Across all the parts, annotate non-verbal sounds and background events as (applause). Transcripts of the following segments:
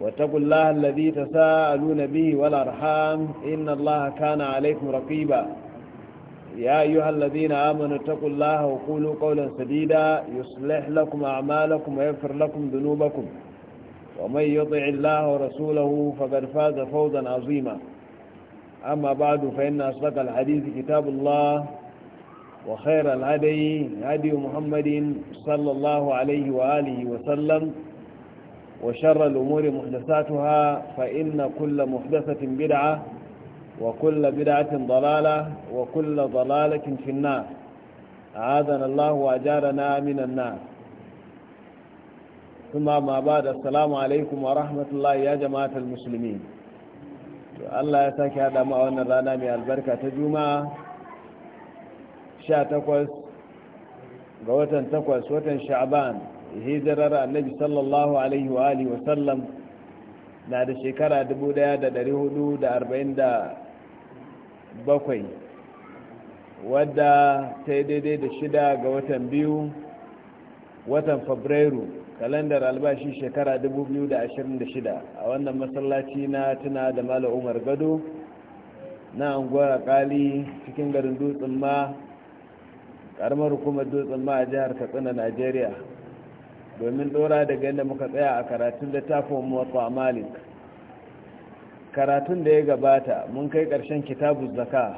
واتقوا الله الذي تساءلون به والأرحام إن الله كان عليكم رقيبا يا أيها الذين آمنوا اتقوا الله وقولوا قولا سديدا يصلح لكم أعمالكم ويغفر لكم ذنوبكم ومن يطع الله ورسوله فقد فاز فوزا عظيما أما بعد فإن أصدق الحديث كتاب الله وخير الهدي هدي محمد صلى الله عليه وآله وسلم وشر الأمور محدثاتها فإن كل محدثة بدعة وكل بدعة ضلالة وكل ضلالة في النار أعاذنا الله وأجارنا من النار ثم ما بعد السلام عليكم ورحمة الله يا جماعة المسلمين الله يساك هذا ما أولنا رانا من البركة تجمع شاء تقوس قوة تقوس وتن شعبان hijirar annabi sallallahu alaihi wa alihi wasallam na da shekara 1447 wadda ta yi daidai da shida ga watan biyu watan fabrairu kalandar albashi shekara 2026 a wannan masallaci na tuna da mala umar gado na angora akali cikin garin dutsen ma karamar hukumar dutsen ma a jihar katsina najeriya domin dora daga yadda muka tsaya a karatun da ta littafin muwatta malik karatun da ya gabata mun kai ƙarshen kitabu zaka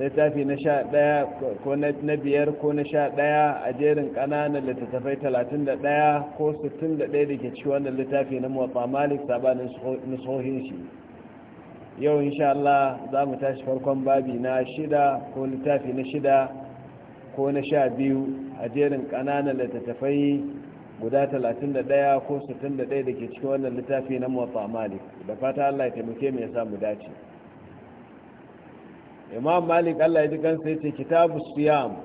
littafi na sha daya ko na biyar ko na sha ɗaya a jerin ƙananan littattafai talatin da ɗaya ko sittin da ɗaya da ke ci wannan littafi na muwatta malik sabanin nusohin shi yau insha Allah za mu tashi farkon babi na shida ko littafi na shida ko na sha biyu a jerin ƙananan littattafai guda 31 ko 61 da ke cikin wannan littafi na motsa malik da fata allah ya taimake mai samu dace imam malik allah ya ji kansa ya ce kitabu siyam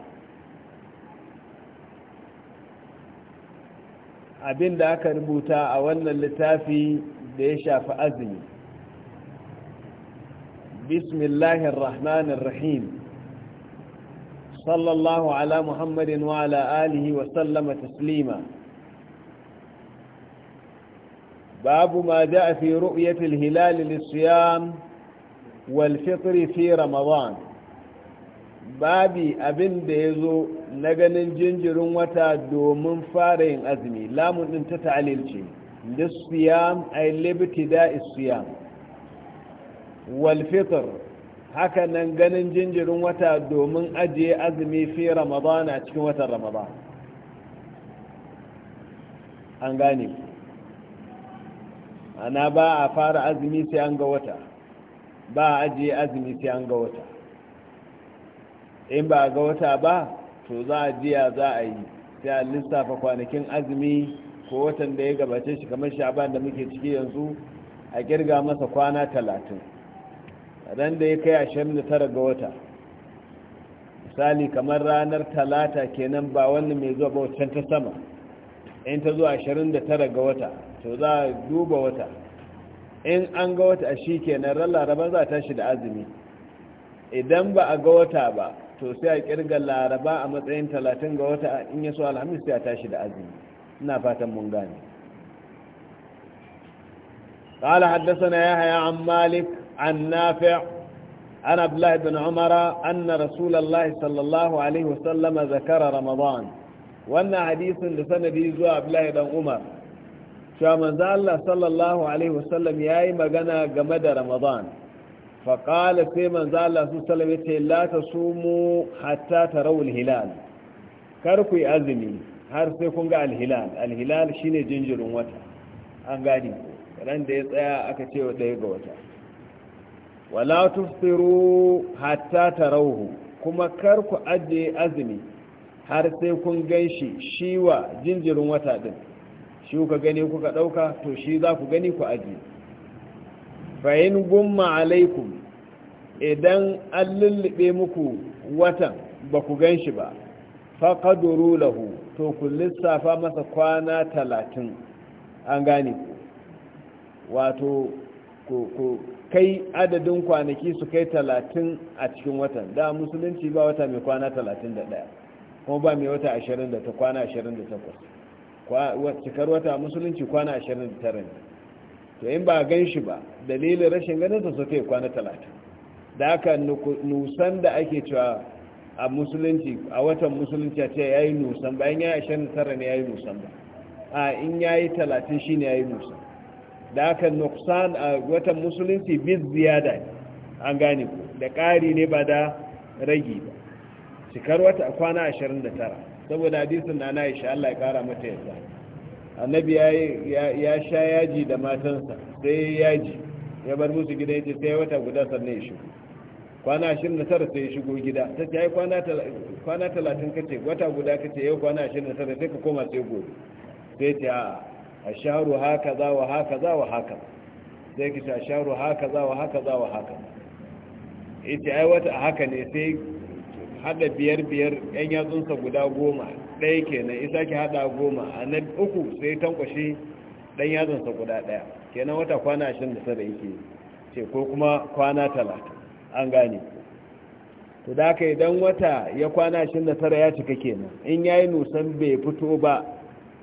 abin da aka rubuta a wannan littafi da ya shafi azumi bismillahir rahmanir rahim صلى الله على محمد وعلى آله وسلم تسليما باب ما جاء في رؤية الهلال للصيام والفطر في رمضان babi abin da ya zo na ganin jinjirin wata domin fara yin azumi lamun ɗin ta ta'alil ce lissiyam ay libtida isiyam wal haka nan ganin jinjirin wata domin ajiye azumi fi ramadana cikin watan ramadan an gane ana ba a fara azumi sai an ga wata ba a ajiye azumi sai an ga wata in ba a ga wata ba to za a jiya za a yi sai a lissafa kwanakin azumi ko watan da ya gabace shi kamar sha'ban da muke ciki yanzu a girga masa kwana talatin ran da ya kai 29 ga wata misali kamar ranar talata kenan ba wannan mai zuwa ba wancan ta sama in ta zuwa 29 ga wata to za a duba wata in an ga wata a shi kenan ran laraba za a tashi da azumi idan ba a ga wata ba to sai a kirga laraba a matsayin 30 ga wata in ya so alhamis sai a tashi da azumi ina fatan mun gane قال حدثنا يحيى عن مالك عن نافع عن عبد الله بن عمر أن رسول الله صلى الله عليه وسلم ذكر رمضان وأن حديث لسنده زوى عبد الله بن عمر شامن ذا الله صلى الله عليه وسلم ياي مغنى جمد رمضان فقال سيمن ذا الله صلى الله عليه وسلم لا تصوموا حتى تروا الهلال كركوا أزمي har sai kun ga alhilal alhilal shine jinjirin wata an gani ran da ya tsaya aka ce wa ɗaya ga wata wala tufsiru hatta tarauhu kuma kar ku ajiye azumi har sai kun ganshi shi wa jinjirin wata din shi kuka gani kuka ɗauka to shi za ku gani ku ajiye fa'in gumma alaikum idan an lullube muku watan ba ku ganshi ba faƙaduru lahu to ku lissafa masa kwana talatin an gane ku wato kai adadin kwanaki su kai talatin a cikin watan da musulunci ba wata mai kwana talatin da ɗaya kuma ba mai wata ashirin da ta kwana ashirin da takwas cikar wata musulunci kwana ashirin da tara ne to in ba gan shi ba dalilin rashin ganin su kai kwana talatin da aka nusan da ake cewa a musulunci a watan musulunci a ce ya yi nusan bayan ya yi ashirin da tara ne ya yi nusan ba a in ya yi talatin shi ne ya yi nusan da aka nuksan a watan musulunci bis ziyada an gane ku da ƙari ne ba da ragi ba cikar wata kwana 29 saboda hadisin na na isha Allah ya ƙara mata yadda annabi ya sha yaji da matansa sai yaji ya bar musu gida ya ce sai wata guda sannan ya shigo kwana 29 sai ya shigo gida ta ce ya yi kwana 30 kace wata guda kace yi kwana 29 sai ka koma sai gobe sai ce a'a a sharu haka za wa haka za wa haka sai ki ta sharu haka za wa haka za wa haka ita ai wata haka ne sai hada biyar biyar yan yatsunsa guda goma ɗaya kenan isa ki hada goma a nan uku sai tankwashe ɗan yatsunsa guda ɗaya kenan wata kwana ashirin da sada yake ce ko kuma kwana talata, an gane to da haka idan wata ya kwana ashirin da ya cika kenan in ya yi nusan bai fito ba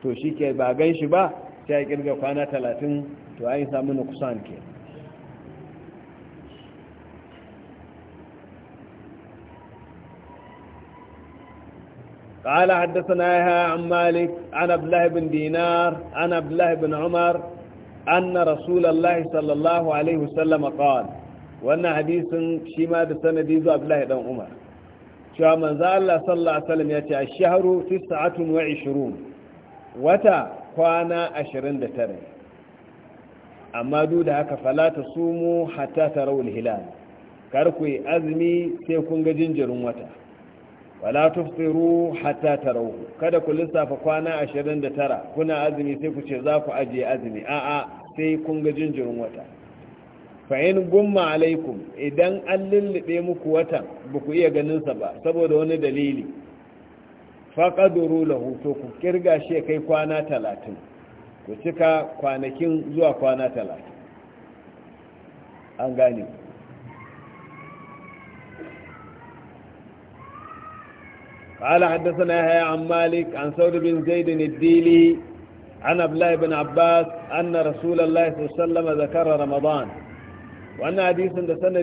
to shi ke ba gan shi ba sai a kirga kwana talatin to a yi samu na kusan ke قال حدثنا يحيى عن مالك عن عبد الله بن دينار عن عبد الله بن عمر أن رسول الله صلى الله عليه وسلم قال وأن حديث شما بسنديز عبد الله بن عمر شو من ذا الله صلى الله عليه وسلم يأتي الشهر تسعة وعشرون وتا kwana ashirin da tara amma duk da haka falata sumu hatta tarawul hilal kar ku yi azumi sai kun ga jinjirin wata wala tufsiru hatta tarawu kada ku lissafa kwana ashirin 29 kuna azumi sai ku ce za ku ajiye azumi a'a sai kun ga jinjirin wata Fahim gumma alaikum idan an lullube muku watan ba ku iya ganin sa ba saboda wani dalili faƙaduru lahu to ku ƙirga shi kai kwana talatin ku cika kwanakin zuwa kwana talatin an gane قال حدثنا يحيى عن مالك عن ثور بن زيد الديلي عن عبد بن عباس أن رسول الله صلى الله عليه وسلم ذكر رمضان وأن حديث سنة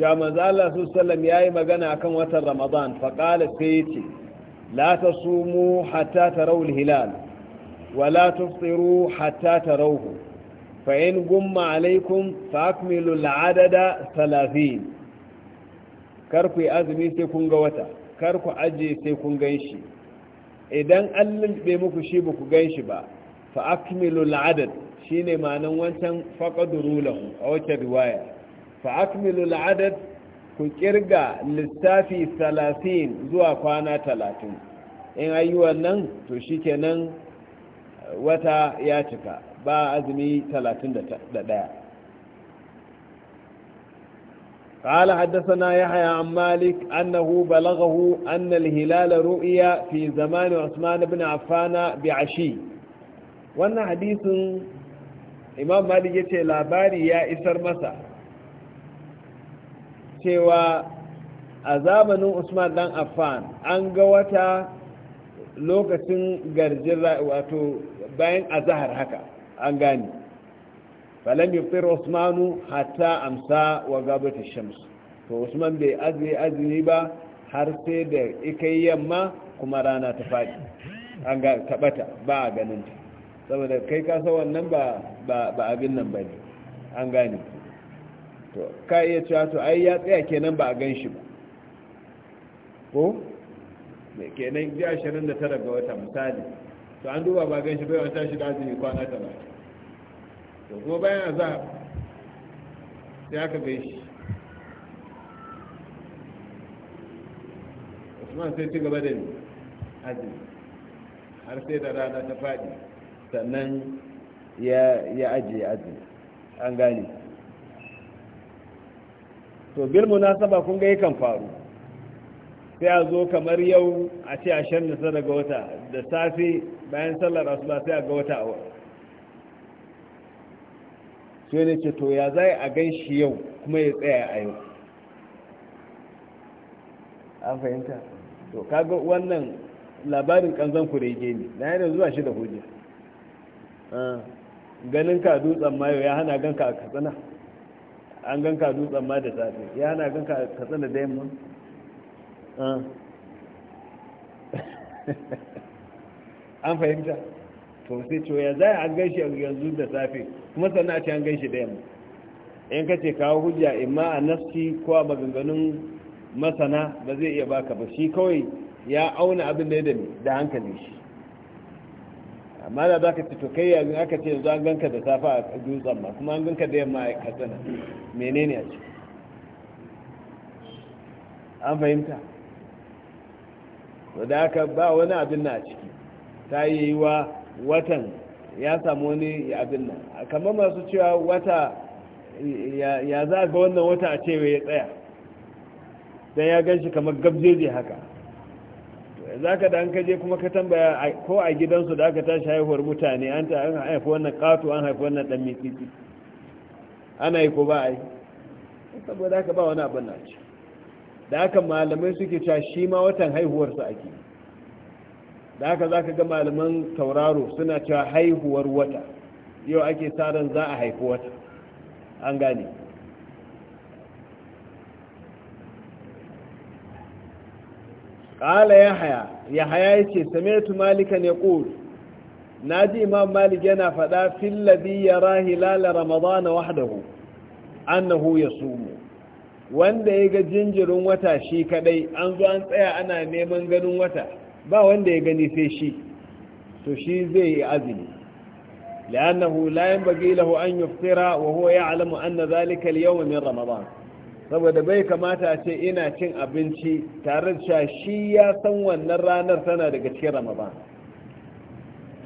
cewa manzo Allah su yayi magana akan watan Ramadan fa qala sai la tasumu hatta tarawu al-hilal wa la tufṭiru hatta tarawhu fa in gumma alaykum fa akmilu al-adada 30 kar ku azumi sai kun ga wata kar ku aje sai kun ganshi idan an bai muku shi ba ku ganshi ba fa akmilu al-adad shine ma'anan wancan faqaduru a wata riwaya fa akmilu al'adad ku kirga lissafi 30 zuwa kwana 30 in ayi wannan to shikenan wata ya cika ba azumi 31 qala haddathana yahya an malik annahu balaghahu anna al-hilala ru'ya fi zaman usman bin Affana bi'ashi wannan hadisin imam malik yace labari ya isar masa cewa a zamanin usman dan affan an ga wata lokacin garjin wato bayan azahar haka an gani falam yufir usmanu hatta amsa wa gabata shams to usman bai azumi azumi ba har sai da ikai yamma kuma rana ta faɗi an ga tabata ba a ganin ta saboda kai kasa wannan ba abin nan ba ne an gani to ka iya cewa to ai ya tsaya kenan ba a gan shi ba ko kenan ji ashirin da tara ga wata misali to an duba ba gan shi bai wata shi da azumi kwana ta ba, to kuma bayan za sai aka gan shi usman sai ci gaba da azumi har sai da rana ta faɗi sannan ya ajiye azumi an gane to bil munasaba kun ga yakan faru sai a zo kamar yau a ce a shan nasa daga wata da safe bayan sallar asuba sai a ga wata awa sai ne ce to ya zai a gan shi yau kuma ya tsaya a yau an fahimta to kaga wannan labarin kanzan kurege ne na yana zuwa shi da hujja ah, ganin ka dutsen mayo ya hana ganka a katsina an ganka dutsen ma da safe ya na ganka ka tsana da yamma ah. (laughs) an fahimta to sai ce ya zai an shi yanzu da safe kuma sannan a ce an shi da yamma in ka ce kawo hujja imma a nafsi ko a maganganun masana ba zai iya baka ba shi kawai ya auna abin da ya da hankali shi amma da za ka ci tokai yanzu aka ce yanzu an ganka da safa a dutsen ma kuma an ganka da yamma a katsina menene a ce an fahimta wadda aka ba wani abin na a ciki ta yi yi wa watan ya samu wani abin nan kamar masu cewa wata ya za ga wannan wata a cewa ya tsaya don ya gan shi kamar gabjeje haka za ka da an kaje kuma ka tambaya ko a gidansu da aka tashi haihuwar mutane an ta an haifi wannan ƙato an haifi wannan ɗan mitsitsi ana yi ko ba a yi saboda haka ba wani abin na ce da haka malamai suke cewa shi ma watan haihuwarsa ake da haka za ka ga malaman tauraro suna cewa haihuwar wata yau ake sa za a haifi wata an gane ƙala ya haya ya haya ya ce sametu ƙul na ji imam malik yana faɗa fillabi ya rahi lala ramadana wahadahu, annahu ya sumu wanda ya ga jinjirin wata shi kadai an zo an tsaya ana neman ganin wata ba wanda ya gani sai shi to shi zai yi azumi لأنه لا ينبغي له أن يفطر وهو يعلم أن ذلك اليوم من رمضان saboda bai kamata a ce ina cin abinci tare da shi ya san wannan ranar tana daga cikin ramadan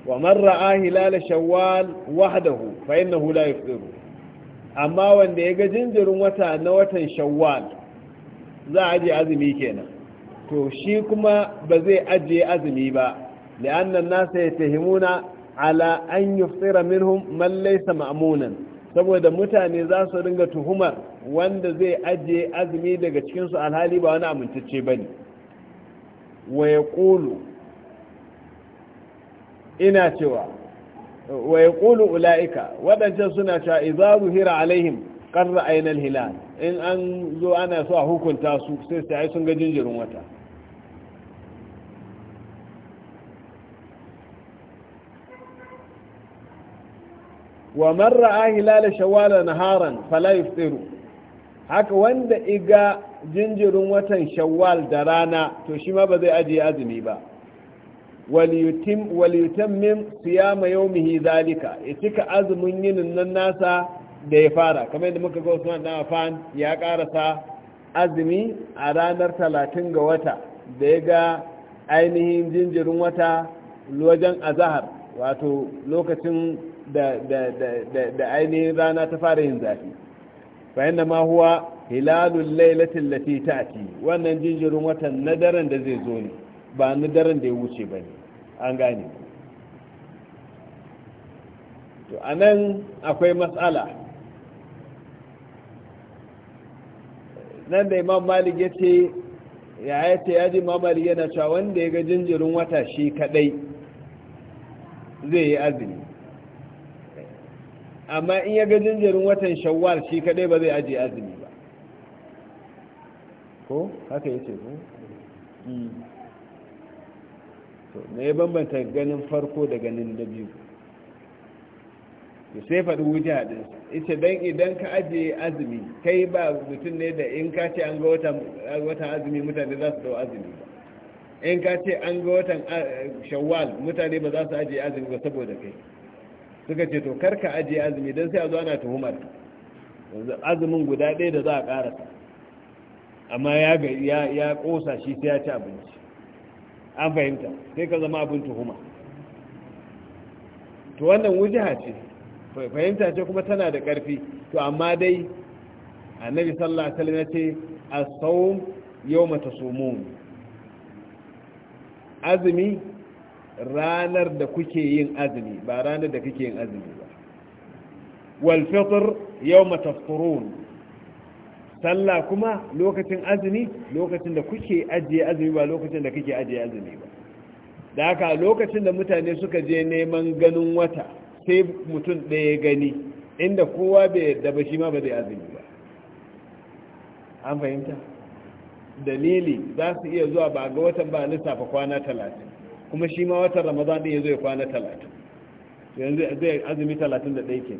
wa man ra'a hilal shawwal wahdahu fa innahu la yufṭiru amma wanda ya ga jinjirin wata na watan shawwal za a je azumi kenan to shi kuma ba zai ajiye azumi ba lianna nasa yatahimuna ala an yufira minhum man laysa ma'munan saboda mutane za su ringa tuhumar wanda zai ajiye azumi daga cikinsu alhali ba wani amintacce ba ne waye kulu ina cewa waye kulu ƙulu ula'ika waɗancan suna cewa izaru hira alaihim ƙarra ainihin hilal in an zo ana so a hukunta su sai su yi sun ga jinjirin wata wa marra a hilal shawala naharan fala yuftiru haka wanda iga jinjirin watan shawwal da rana to shi ma ba zai ajiye azumi ba waliyutammin siyama yaumihi zalika ya cika azumin yin nan nasa da ya fara kamar yadda muka ga Usman dan Affan ya karasa azumi a ranar talatin ga wata da ya ga ainihin jinjirin wata wajen azahar wato lokacin da ainihin rana ta fara yin zafi fa inna ma huwa hilalul lailati allati ta'ti wannan jinjirin watan na daren da zai zo ne ba na daren da ya wuce bane an gane to anan akwai matsala nan da imam malik ya ce ya ya ya ji imam malik yana cewa wanda ya ga jinjirin wata shi kadai zai yi azumi amma in ya ga jinjirin watan shawwal shi kadai ba zai aje azumi ba ko haka yake ko hmm. to me ya bambanta ganin farko da ganin da biyu to sai faɗi wuja din ita dan idan ka aje azumi kai ba mutum ne da in ka ce an ga watan watan azumi mutane za su dau azumi ba in ka ce an ga watan shawwal mutane ba za su aje azumi ba saboda kai suka ce to karka ajiye azumi don sai a zo ana tuhumar azumin guda ɗaya da za a ƙarasa amma ya ƙosa shi sai ya ci abinci an fahimta sai ka zama abin tuhuma to wannan wujiha ce fahimta ce kuma tana da ƙarfi to amma dai annabi sallallahu alaihi wasallam ya ce as yau mata tasumun azumi ranar da kuke yin azumi ba ranar da kuke yin azumi ba wal fitr yawma tafturun sallah kuma lokacin azumi lokacin da kuke ajiye azumi ba lokacin da kake ajiye azumi ba da haka lokacin da mutane suka je neman ganin wata sai mutum ɗaya gani inda kowa bai da ba shi ma ba zai azumi ba an fahimta dalili za su iya zuwa ba ga watan ba lissafa kwana talatin kuma shi ma watan ramadan din yazo ya kwana 30 yanzu zai azumi 31 ke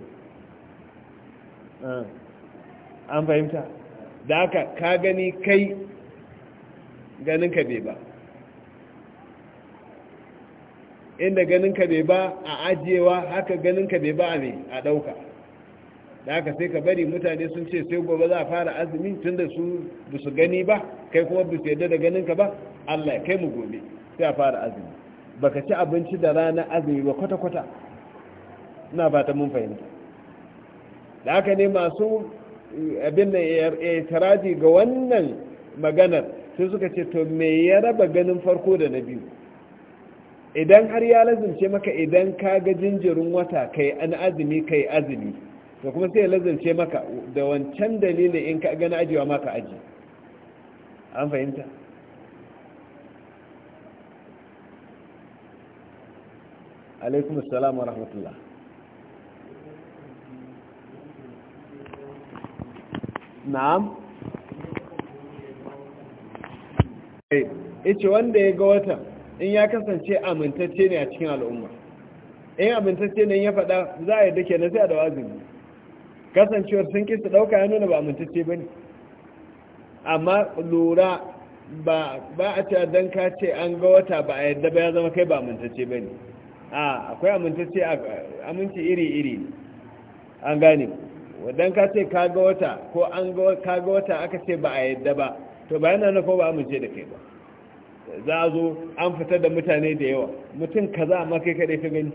ah, an fahimta da haka ka gani kai ganin ka bai ba inda ganin ka bai ba a ajiyewa haka ganin ka bai ba a mai a ɗauka da haka sai ka bari mutane sun ce sai gobe za a fara azumi tun da su su gani ba kai kuma bisu yadda da ganin ka ba allah kai mu gobe sai a fara azumi baka ci abinci da rana azumi ba kwata-kwata ina fata mun fahimta da haka ne masu eh, abin da ya eh, ga wannan maganar sai suka ce to me ya raba ganin farko da na biyu idan har ya lazimce maka idan ka ga jinjirin wata kai an azumi kai azumi to kuma sai ya lazimce maka da wancan dalilin in ka gana ajiwa maka aji an fahimta alaikum assalam wa rahmatullah na'am eh, ce wanda ya ga wata in ya kasance amintacce ne a cikin al'umma in amintacce ne ya faɗa za a yi dake na sai a da wazin kasancewar sun kisa ɗauka ya nuna ba amintacce ba ne amma lura ba a ce don ka ce an ga wata ba a yadda ba ya zama kai ba amintacce ba ne a akwai amintacce aminci iri-iri an gane wadan ka ce kaga wata ko an kaga wata aka ce ba a yadda ba to ba yana nufo ba amince da kai ba za a zo an fitar da mutane da yawa mutum kaza amma kai kaɗai ka gani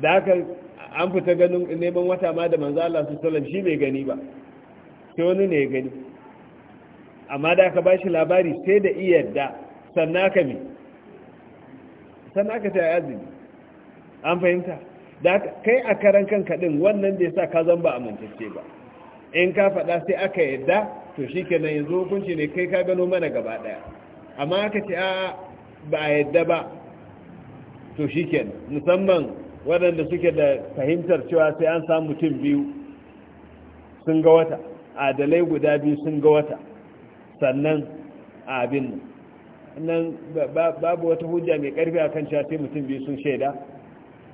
da haka an fita ganin neman wata ma da manzo Allah su sallam shi bai gani ba sai wani ne ya gani amma da aka ba shi labari sai da iyadda sannan ka bi. sannan aka ce azumi an fahimta da kai a karan kanka din wannan da ya sa ka zan ba amintacce ba in ka faɗa sai aka yadda to shi shikenan yanzu hukunci ne kai ka gano mana gaba ɗaya amma aka ce a ba yadda ba to shi shikenan musamman waɗanda suke da fahimtar cewa sai an samu mutum biyu sun ga wata adalai guda biyu sun ga wata sannan abin nan babu wata hujja mai karfi akan cewa sai mutum biyu sun shaida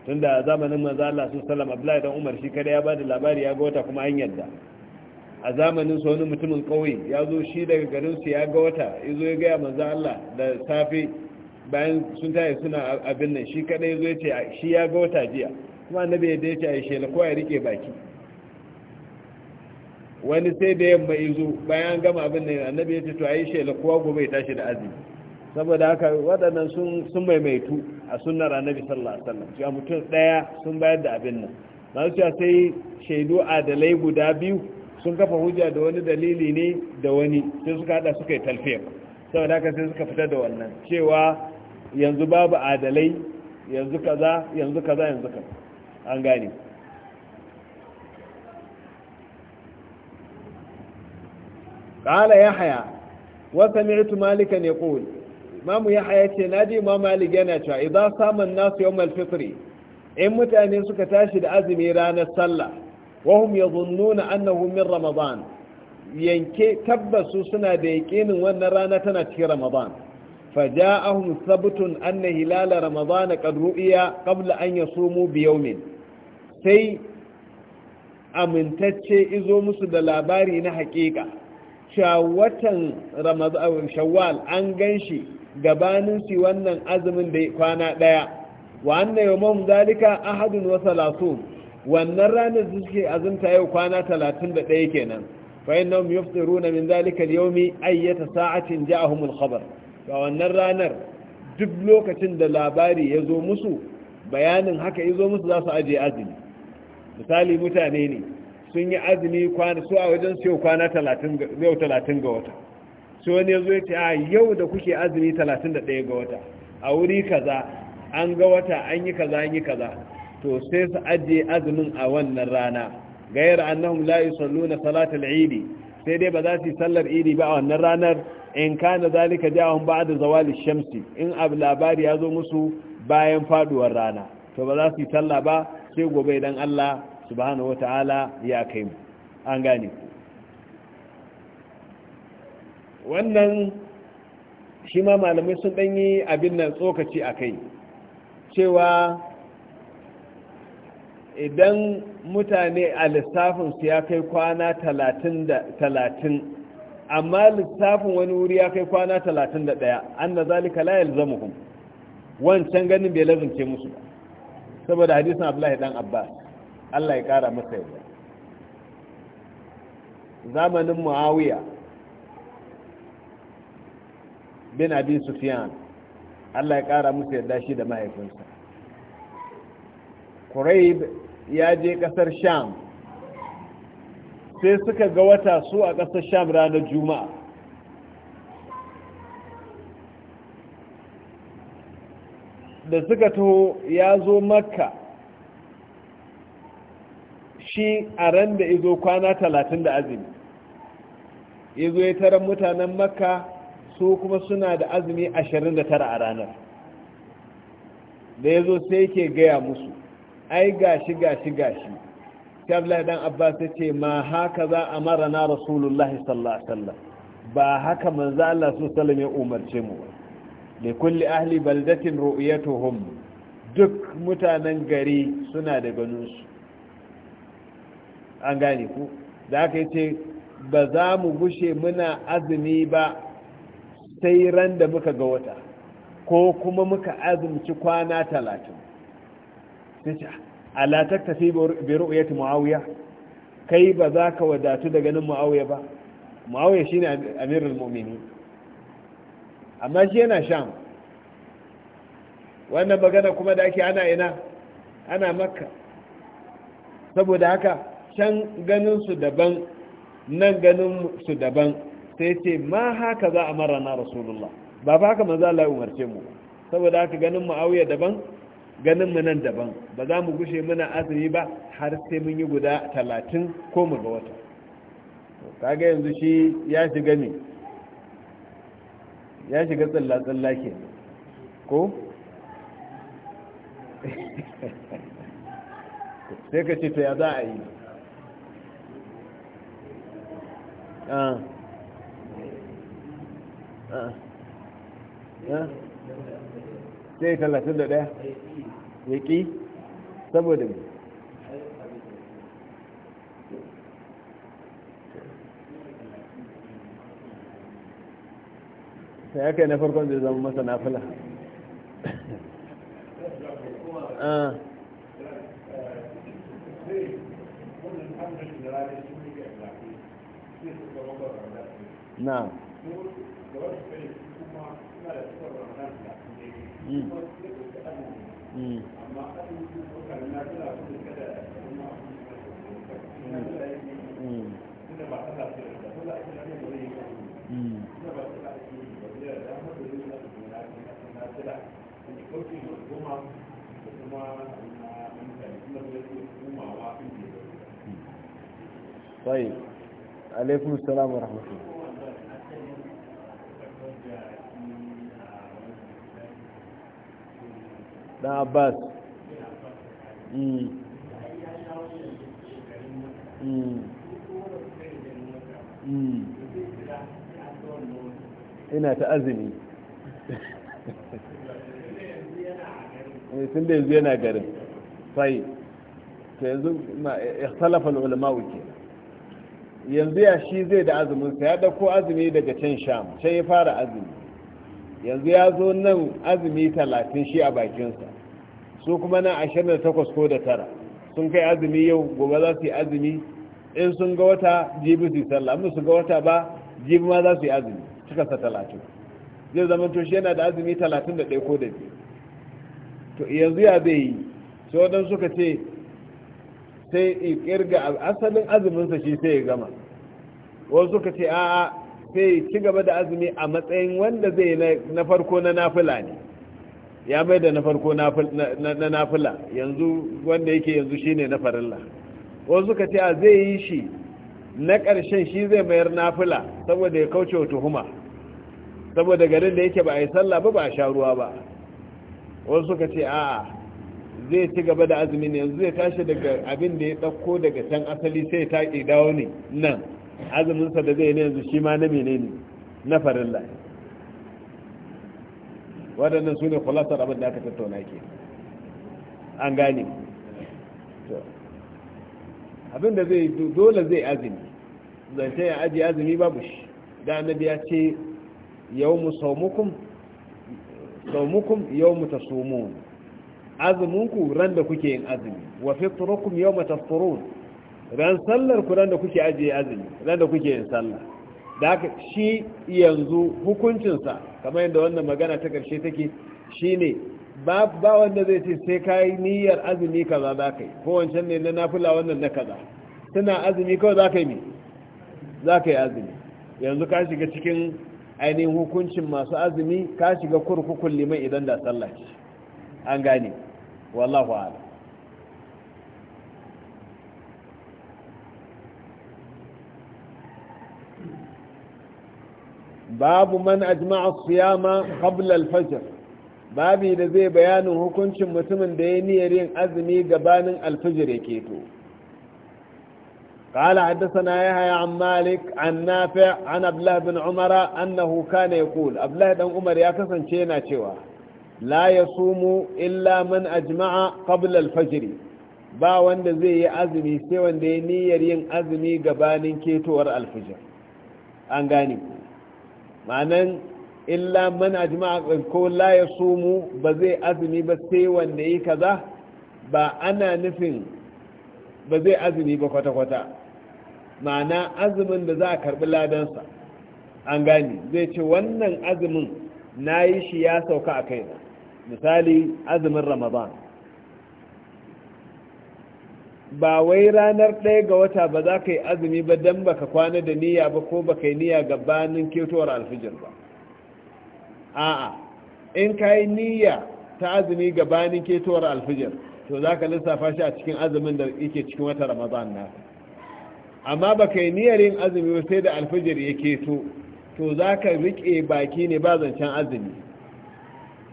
tunda zamanin manzo Allah su sallam Abdullahi dan Umar shi kada ya bada labari ya ga wata kuma an yadda a zamanin su wani mutumin kauye ya zo shi daga garin su ya ga wata ya ya gaya manzo Allah da safe bayan sun tayi suna abin nan shi kada ya ya ce shi ya ga wata jiya kuma annabi ya dace a shela ko ya rike baki wani sai da yamma izo bayan gama abin nan annabi ya ce to ayi shela kowa gobe ya tashi da azumi saboda haka waɗannan sun maimaitu a sunnar annabi sallallahu alaihi wasallam cewa mutum ɗaya sun bayar da abin nan masu cewa sai shaidu adalai guda biyu sun kafa hujja da wani dalili ne da wani sai suka hada suka yi talfiyar saboda haka sai suka fita da wannan cewa yanzu babu adalai yanzu kaza yanzu kaza yanzu kaza an gane قال يحيى وسمعت مالكا يقول imamu ya haya ce na ji imamu malik yana cewa Iza samun nasu yawmal fitri in mutane suka tashi da azumi ranar sallah wahum yadhunnuna annahu min ramadan yanke tabbasu suna da yaƙinin wannan rana tana cikin ramadan فجاءهم anna hilala هلال رمضان Ru'iya. رؤي an أن يصوموا بيوم Sai amintacce izo musu da labari na hakika shawatan shawwal an ganshi gabanin shi wannan azumin da kwana daya wa anna yawmun zalika ahadun wa salatun wannan ranar da suke azunta yau kwana 31 kenan fa innahum yufṭiruna min zalika al-yawmi ayyata sa'atin ja'ahum al-khabar ga wannan ranar duk lokacin da labari yazo musu bayanin haka ya zo musu za su ajiye azumi misali mutane ne sun yi azumi kwana su a wajen su yau kwana talatin ga wata sai wani ya zo ya ce a yau da kuke azumi 31 ga wata a wuri kaza an ga wata an yi kaza an yi kaza to sai su ajiye azumin a wannan rana gayar annahum la yusalluna salatul eid sai dai ba za su yi sallar idi ba a wannan ranar in kana zalika ja'ahum ba'da zawali shamsi in ab labari ya zo musu bayan faduwar rana to ba za su yi sallah ba sai gobe dan Allah subhanahu wataala ya kai mu an gane ku wannan shi ma malamai sun ɗanyi abin nan tsokaci a kai cewa idan mutane a lissafinsu ya kai kwana talatin amma lissafin wani wuri ya kai kwana talatin da ɗaya an na zalika layar zama kuma wancan ganin bai lazumce musu ba saboda hadisin abdullahi dan abbas allah ya kara masa yadda zamanin muawiya bin abi sufiyan Allah ya kara musu yadda shi da mahaifinsa kuraib ya je ƙasar Sham sai suka ga wata su a kasar Sham ranar Juma'a da suka taho ya zo Makka shi a ran da izo kwana talatin da azumi izo ya taron mutanen Makka su kuma suna da azumi ashirin da tara a ranar da ya zo sai ke gaya musu ai gashi gashi gashi shabla dan abbas ya ce ma haka za a mara na rasulullah sallallahu alaihi ba haka manzo Allah su ya umarce mu ba li kulli ahli baldatin ru'yatuhum duk mutanen gari suna da ganin su an gane ku da aka yi ba za mu gushe muna azumi ba sai ran da muka ga wata ko kuma muka azumci kwana talatin sai ce ala taktafi bi ru'yati muawiya kai ba za ka wadatu da ganin muawiya ba muawiya shine amirul mu'minin amma shi yana sham wannan magana kuma da ake ana ina ana makka saboda haka can ganin su daban nan ganin su daban sai ce ma haka za a mara na rasulullah ba fa haka maza Allah umarce mu saboda haka ganin muawiya daban ganin mu nan daban ba za mu gushe muna azumi ba har sai mun yi guda 30 ko mu ga wata kaga yanzu shi ya shiga ne ya shiga tsalla tsalla ke ko (laughs) sai ka ce ta ya za a yi ah. sai talatin da ɗaya ya ƙi saboda mu sai aka yi na farkon zai zama masa nafila (coughs) ah. na waa waayi alekulu salaam wa na abbas hmm. Hmm. Hmm. ina ta azumi sun (laughs) eh, da yanzu yana garin sai ta yanzu ya salafan ulama'u ke yanzu ya shi zai da azumin sa ya dauko azumi daga can sham can ya fara azumi yanzu ya zo nan azumi talatin shi a bakinsa su kuma nan ashirin da takwas ko da tara sun kai azumi yau gobe za su yi azumi in sun ga wata jibi su yi sallah amma su ga wata ba jibi ma za su yi azumi sa talatin zai zama to shi yana da azumi talatin da ɗaya ko da biyu to yanzu ya zai yi sai waɗansu suka ce sai kirga asalin azuminsa shi sai ya gama wasu suka ce a'a sai ci gaba da azumi a matsayin wanda zai na farko na nafila ne ya mai da na farko na nafila yanzu wanda yake yanzu shi ne na farilla wasu ka ce a zai yi shi na ƙarshen shi zai mayar nafila saboda ya kauce wa tuhuma saboda garin da yake ba a yi sallah ba ba a sha ruwa ba wasu suka ce a'a zai ci gaba da azumi ne yanzu zai tashi daga abin da ya ɗauko daga can asali sai ta dawo ne nan azuminsa da zai ne yanzu shi ma na menene na farilla waɗannan su ne kulasar abin da aka tattauna ke an gane abin da zai dole zai azumi zance ya ajiye azumi babu shi da annabi ya ce yau mu saumukum saumukum yau mu ta somon azuminku ran da kuke yin azumi wa fitrukum yau mu ta ran sallar ku ran da kuke ajiye azumi ran da kuke yin sallah da haka shi yanzu hukuncinsa kamar yadda wannan magana ta karshe take shine ba ba wanda zai ce sai ka niyyar azumi kaza za ka yi ko wancan ne na nafila wannan na kaza suna azumi kawai za ka yi za ka azumi yanzu ka shiga cikin ainihin hukuncin masu azumi ka shiga kurkukun liman idan da sallah an gane wallahu a'lam babu man ajma'a siyama qabla al-fajr babi da zai bayanin hukuncin mutumin da ya niyyar yin azumi gabanin al-fajr yake to قال حدثنا يحيى عن مالك عن نافع عن أبله بن عمر أنه كان يقول أبله بن عمر يا كسن شينا شوا لا يصوم إلا من أجمع قبل الفجر ba wanda zai yi azumi sai wanda ya niyyar yin azumi gabanin ketowar alfijir an gane ku ma'anan illa man ajma'a ko la yasumu ba zai azumi ba sai wanda yi kaza ba ana nufin ba zai azumi ba kwata-kwata ma'ana azumin da za a karbi ladansa an gani zai ce wannan azumin na yi shi ya sauka a kaina misali azumin ramadan ba wai ranar ɗaya ga wata ba za ka yi azumi ba don ba ka kwana da niyya ba ko ba ka yi niyya gabanin ketowar alfijir ba a'a in ka yi niyya ta azumi gabanin ketowar alfijir to za ka lissafa shi a cikin azumin da yake cikin wata ramadan na amma ba ka yi niyyar yin azumi ba sai da alfijir ya keto to za ka riƙe baki ne ba zancen azumi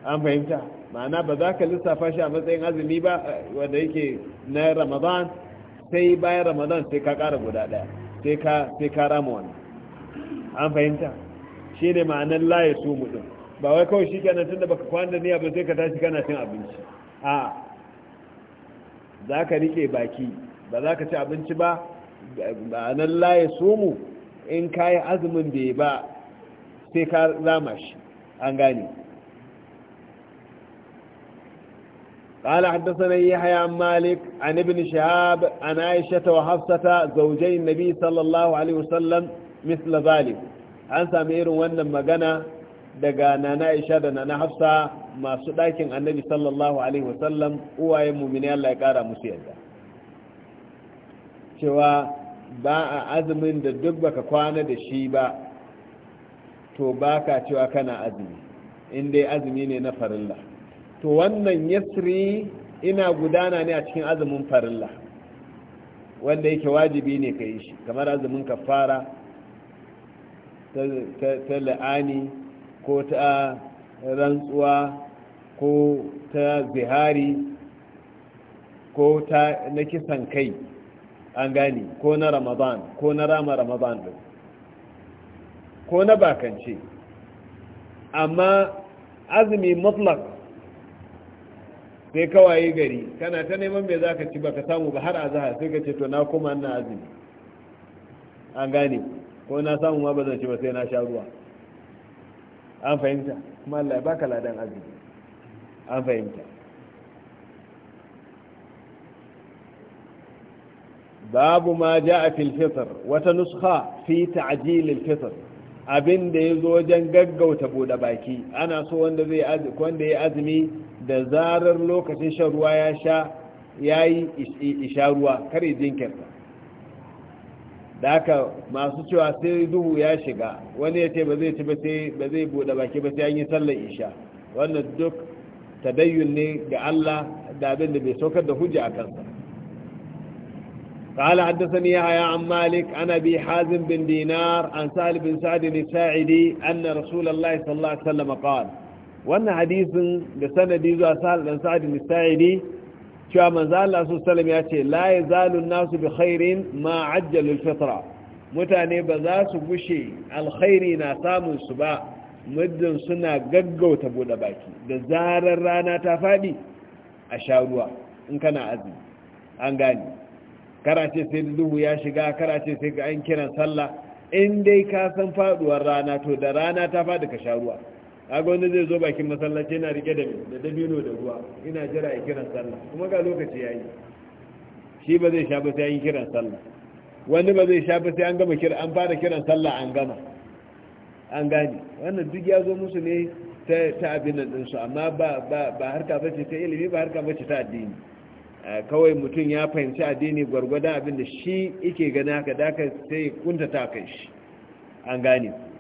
an fahimta ma'ana ba za ka lissafa shi a matsayin azumi ba eh, wanda yake na ramadan sai bayan ramadan sai ka kara guda ɗaya sai ka sai ka rama wannan an fahimta shi ne ma'anar laye su mutum ba wai kawai shi kenan tunda baka kwana niyya ba sai ka tashi kana cin abinci a za ka rike baki ba za ka ci abinci ba ma'anar laye su mu in ka yi azumin bai ba sai ka rama shi an gane قال حدثنا يحيى عن مالك عن ابن شهاب عن عائشة وحفصة زوجي النبي صلى الله عليه وسلم مثل ذلك عن سمير ونم مغنى daga nana aisha da nana hafsa masu ɗakin annabi sallallahu alaihi wasallam uwayen mumini Allah ya ƙara musu yadda cewa ba a azumin da duk baka kwana da shi ba to baka cewa kana azumi in dai azumi ne na farilla to wannan yasri ina gudana ne a cikin azumin farilla wanda yake wajibi ne ka yi shi kamar azumin kafara ta la'ani ko ta rantsuwa ko ta zihari ko ta na kisan kai an gani ko na ramadan ko na rama ramadan din ko na bakance amma azumi mutlak sai kawaye gari kana ta neman mai zaka ci baka samu ba har azaha sai ka ce to na kuma na azumi an gane ko na samu ma ba zan ci ba sai na sha ruwa an fahimta kuma Allah ya baka ladan azumi an fahimta babu ma ja a fitr wata nuskha fi ta'jil al fitr abin da zo wajen gaggauta bude baki ana so wanda zai wanda ya azumi da zarar lokacin shan ruwa ya sha ya yi isha ruwa kare jinkirta da aka masu cewa sai duhu ya shiga wani ya ce ba zai ci ba zai bude baki ba sai an yi sallar isha wannan duk tadayyun ne ga Allah da abin da bai saukar da hujja a kansa قال حدثني يحيى عن مالك عن ابي حازم بن دينار عن سهل بن سعد ساعدي ان رسول الله صلى الله عليه وسلم قال wannan hadisin da sanadi zuwa sa'ad dan sa'ad bin sa'idi cewa manzo Allah su ya ce la zalun nasu bi khairin mutane ba za su gushe alkhairi na samun su ba muddin suna gaggauta bude baki da zarar rana ta faɗi a sha ruwa in kana azumi an gane karace sai duhu ya shiga karace sai ga an kiran sallah in dai ka san faduwar rana to da rana ta faɗi ka sha ruwa kaga wanda zai zo bakin masallaci yana rike da da dabino da ruwa ina jira a kiran sallah kuma ga lokaci yayi shi ba zai sha ba sai an kiran sallah wani ba zai sha ba sai an gama kiran an fara kiran sallah an gama an gane wannan duk ya zo musu ne ta ta abin nan din su amma ba ba ba harka bace ta ilimi ba harka bace ta addini eh, kawai mutum ya fahimci addini gwargwadon abin da shi yake gani haka da ka sai kunta ta kai shi an gane ku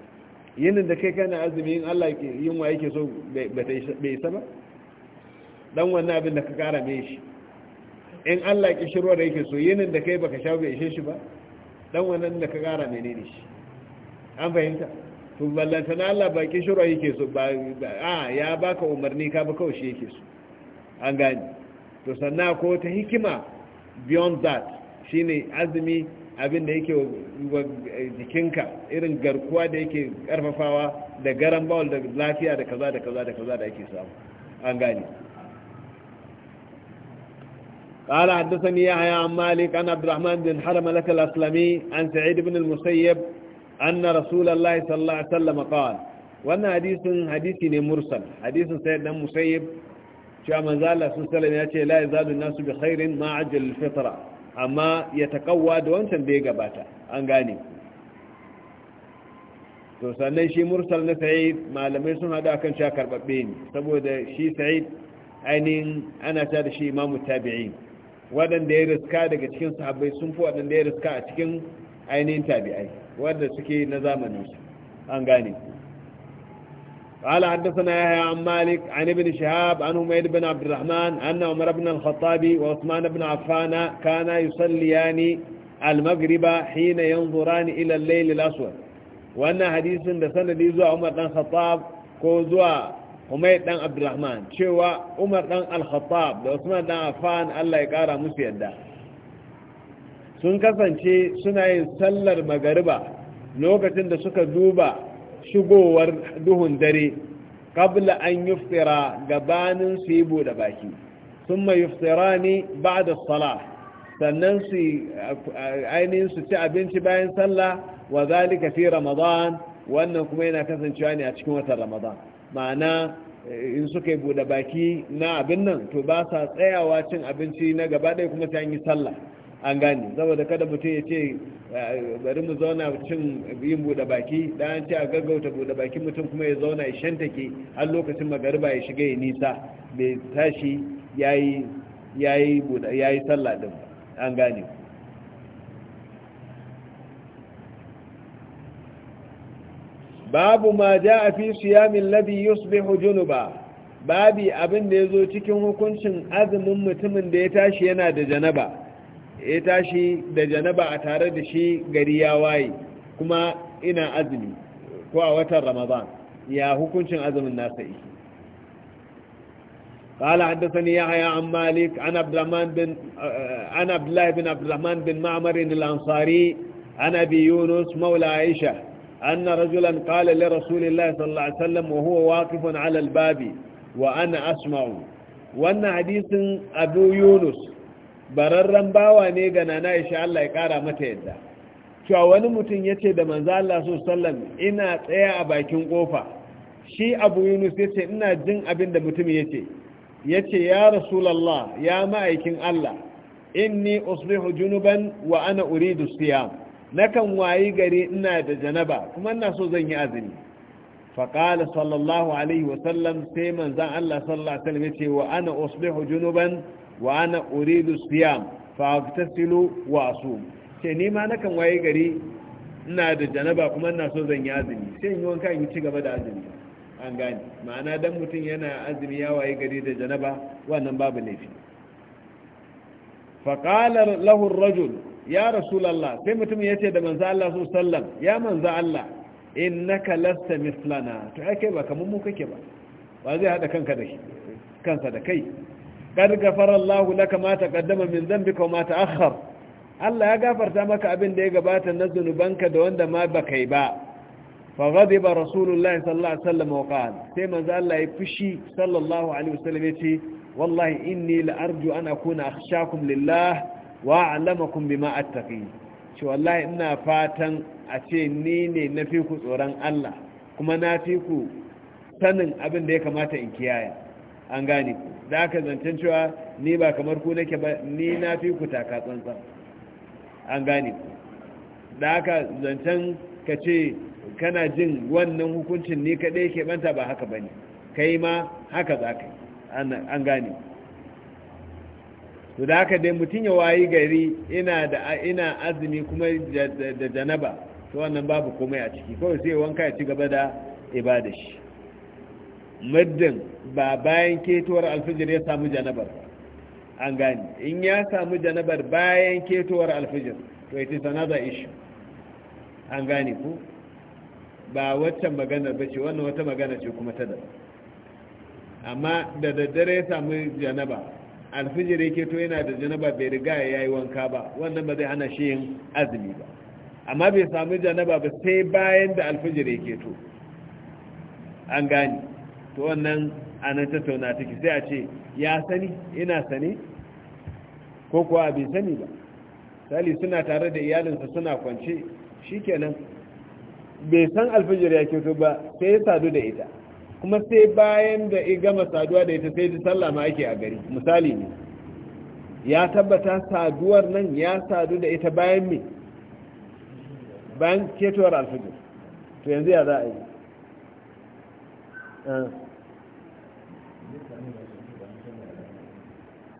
yinin da kai kana azumi in Allah yin wa yake so bai isa ba dan wannan abin da ka kara mai shi in Allah ki shirwa da yake so yinin da kai baka sha bai ishe shi ba dan wannan da ka kara ne shi an fahimta to ballanta na Allah ba shirwa yake so ba a ya baka umarni ka ba kawai shi yake so an gani to sannan ko ta hikima beyond that shine azumi abin da yake wa jikinka irin garkuwa da yake karfafawa da garan bawal da lafiya da kaza da kaza da kaza da ake samu an gani ƙala haddasani ya haya an malik an abdurrahman bin haram alaƙa al’aslami an sa’id ibn musayyab an na rasulallah sallallahu ala’asallam a ƙawar wannan hadisun hadisi ne mursal hadisun sayar dan musayyab cewa manzala sun ya ce la’i zadun nasu bi khairin ma'ajin fitra amma ya taƙawa da wancan da ya gabata an gane to sannan shi mursal na sa'id malamai sun hada kan cewa karbabbe ne saboda shi sa'id ainihin ana ta da shi imamu tabi'i waɗanda ya riska daga cikin sahabbai sun fi waɗanda ya riska a cikin ainihin tabi'ai wanda suke na zamanin an gane ku قال حدثنا يحيى عن مالك عن ابن شهاب عن هميد بن عبد الرحمن أن عمر بن الخطاب وعثمان بن عفان كانا يصليان المغرب حين ينظران إلى الليل الأسود وأن حديث دسنة لزوى عمر بن الخطاب كوزوى هميد بن عبد الرحمن شوى عمر بن الخطاب وعثمان بن عفان الله يقارى مسيدا sun kasance suna yin sallar magariba lokacin da suka duba shigowar duhun dare kabla an yuftira gabanin su yi buɗe baki sun mai yuftira ne ba da sala sannan su ainihin su ci abinci bayan sallah wa zalika fi ramadan wannan kuma yana kasancewa ne a cikin watan ramadan ma'ana eh, in suka yi buɗe baki na abin nan to ba sa tsayawa cin abinci na gaba ɗaya kuma ta yi sallah an gane saboda kada mutum ya ce eh, bari mu zauna cin yin buɗe baki da an ce a gaggauta buɗe baki mutum kuma ya zauna ya shantake har lokacin magariba ya shiga ya nisa bai tashi ya yi sallah ɗin an gane babu ma ja a fi siyamin labi yusbihu junuba babi abin da ya zo cikin hukuncin azumin mutumin da ya tashi yana da janaba ya tashi da janaba a tare da shi gari ya waye kuma ina azumi ko a watan ramadan ya hukuncin azumin nasa iki قال حدثني يحيى عن مالك عن عبد الرحمن بن عن عبد الله بن عبد الرحمن بن معمر الانصاري عن ابي يونس مولى عائشه ان رجلا قال لرسول الله صلى الله عليه وسلم وهو واقف على الباب وانا اسمع وان حديث ابو يونس bararren bawa ne ga nana isha Allah ya kara mata yadda cewa wani mutum ya ce da Manza Allah su sallam ina tsaya a bakin kofa shi abu yunus ya ce ina jin abin da mutum ya ce ya ce ya rasulallah ya ma'aikin Allah inni uslihu junuban wa ana uridu siyam nakan wayi gari ina da janaba kuma ina so zan yi azumi فقال صلى الله عليه وسلم سيما زان الله صلى الله ya ce يتي وأنا أصبح wa ana uridu siyam fa aftasilu wa asum ce ni ma nakan waye gari ina da janaba kuma ina so zan yi azumi sai yi wanka yi ci gaba da azumi an gane ma'ana dan mutum yana azumi ya waye gari da janaba wannan babu laifi fa qala lahu ar-rajul ya rasulullah sai mutum yace da manzo Allah sallallahu alaihi ya manzo Allah innaka lasta mislana to ake ba kamar mu kake ba ba zai hada kanka da shi kansa da kai qad ghafara Allah laka ma taqaddama min dhanbika wa ma ta'akhkhar Allah ya gafarta maka abin da ya gabata na zunubanka da wanda ma baka yi ba fa ghadiba rasulullahi sallallahu alaihi wasallam wa qala sai manzo Allah ya fushi sallallahu alaihi wasallam yace wallahi inni la arju an akuna akhshakum lillah wa a'lamakum bima attaqi ce wallahi ina fatan a ce ni ne na fi ku tsoron Allah kuma na fi ku sanin abin da ya kamata in kiyaye an gane ku da aka zancen cewa ni ba kamar ku nake ba ni na fi ku taka tsantsan an gane ku da aka zancen ka ce kana jin wannan hukuncin ni kaɗai ke banta ba haka ba ne kai ma haka za ka an gane to da aka dai mutum ya wayi gari ina da ina azumi kuma da janaba to wannan babu komai a ciki kawai sai wanka ya ci gaba da ibada shi muddin ba bayan ketowar alfijir ya samu janabar an gani in ya samu janabar bayan ketowar alfijir to it is another issue an gani ku ba waccan maganar ba ce wannan wata magana ce kuma ta da amma da daddare ya samu janaba alfijir yake to yana da janaba bai riga ya yi wanka ba wannan ba zai hana shi yin azumi ba amma bai samu janaba ba sai bayan da alfijir yake to an gani to wannan anan tattauna take sai a ce ya sani ina sani ko kuwa bai sani ba sali suna tare da iyalinsa suna kwance shikenan bai san alfajir ya keto ba sai ya sadu da ita kuma sai bayan da ya gama saduwa da ita sai ji sallah ma ake a gari misali ne ya tabbata saduwar nan ya sadu da ita bayan me bayan ketowar alfajir to yanzu ya za a yi ah.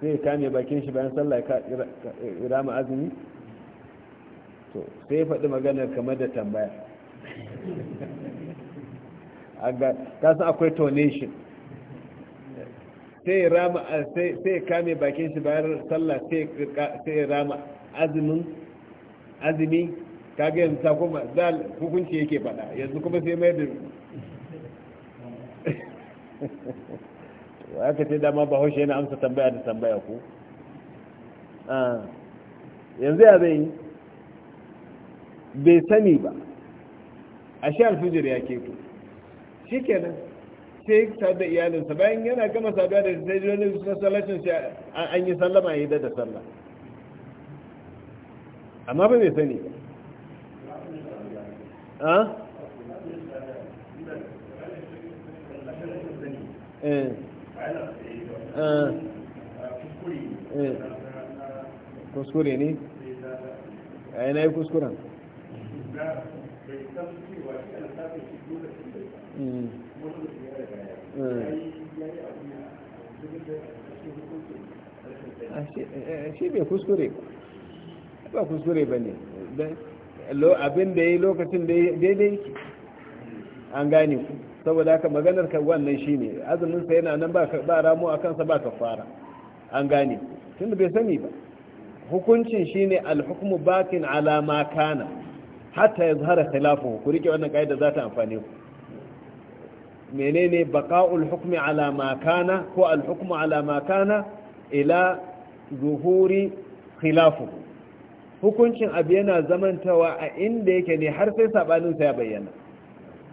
zai kame bakin shi bayan sallah kira irama azumi to sai faɗi maganar kamar da tambaya ta (laughs) san akwai tonation sai rama sai kame bakin shi bayan sallah sai rama azumin azumi kaga yanzu ta kuma zal hukunci yake faɗa yanzu kuma sai mai da (laughs) aka ce dama ba haushe yana amsa tambaya da tambaya ko ah, yanzu ya zai bai sani ba a sha alfijir ya keto shi kenan sai ta da iyalinsa bayan yana gama saduwa da sai wani masallacin shi an yi sallama ya yi da sallah amma ba bai sani ba ah? eh Eh, kuskure ne a eh, yana yi kuskuren hmm. eh. shi bai kuskure ba kuskure ba ne abin da ya yi lokacin daidai an gane ku saboda haka maganar ka wannan shine azumin sa yana nan ba ba ramo a kansa ba kafara an gane tunda bai sani ba hukuncin shine al bakin ala ma kana hatta zahara khilafu ku rike wannan kaida za ta amfane ku menene baqa'ul hukmi ala ma kana ko al-hukmu ala ma kana ila zuhuri khilafu hukuncin abu yana zamantawa a inda yake ne har sai sa ya bayyana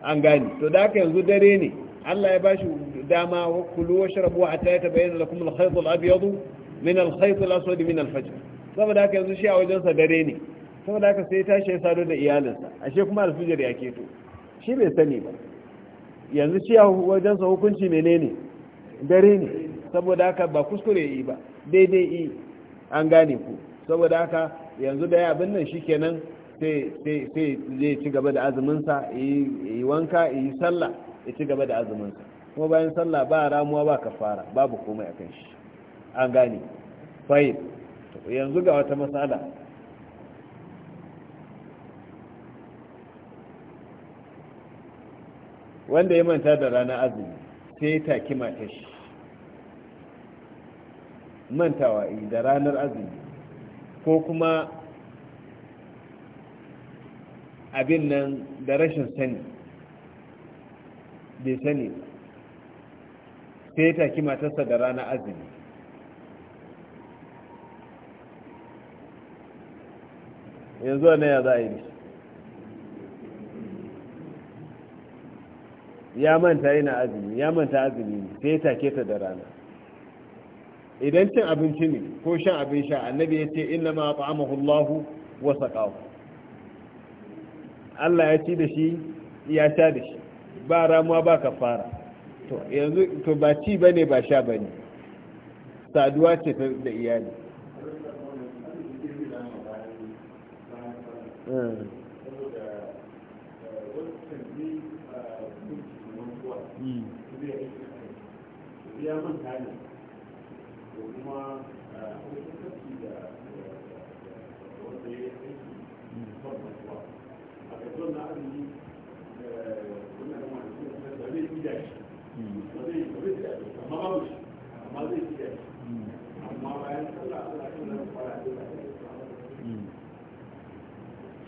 an gani to da aka yanzu dare ne Allah ya bashi dama wa kulu wa shrabu hatta yatabayyana lakum al-khayt al-abyad min al-khayt al-aswad min al-fajr saboda aka yanzu shi a wajen sa dare ne saboda haka sai tashi ya sado da iyalinsa ashe kuma al-fajr ya keto shi bai sani ba yanzu shi a wajen sa hukunci menene dare ne saboda haka ba kuskure yi ba daidai yi an gane ku saboda haka yanzu da ya abin nan shi kenan sai zai ci gaba da azuminsa yi wanka yi sallah ya ci gaba da azuminsa kuma bayan sallah ba ramuwa ba kafara babu komai a kan shi an gane fahim yanzu ga wata matsala wanda ya manta da ranar azumi sai ya taki mata mantawa eh, da ranar azumi ko kuma abin nan da rashin sani bai sani sai ya taki matarsa da rana azumi yanzu ne ya za a yi ya manta yana azumi ya manta azumi ne sai ya take ta da rana idan cin abinci ne ko shan abin sha annabi ya ce inna ma ta'amahu Allahu wa saqahu Allah ya ci da shi ya sha da shi ba ramuwa ba ka fara to yanzu to ba ci bane ba sha bane saduwa ce da iyali hmm. Hmm. يقولنا عبده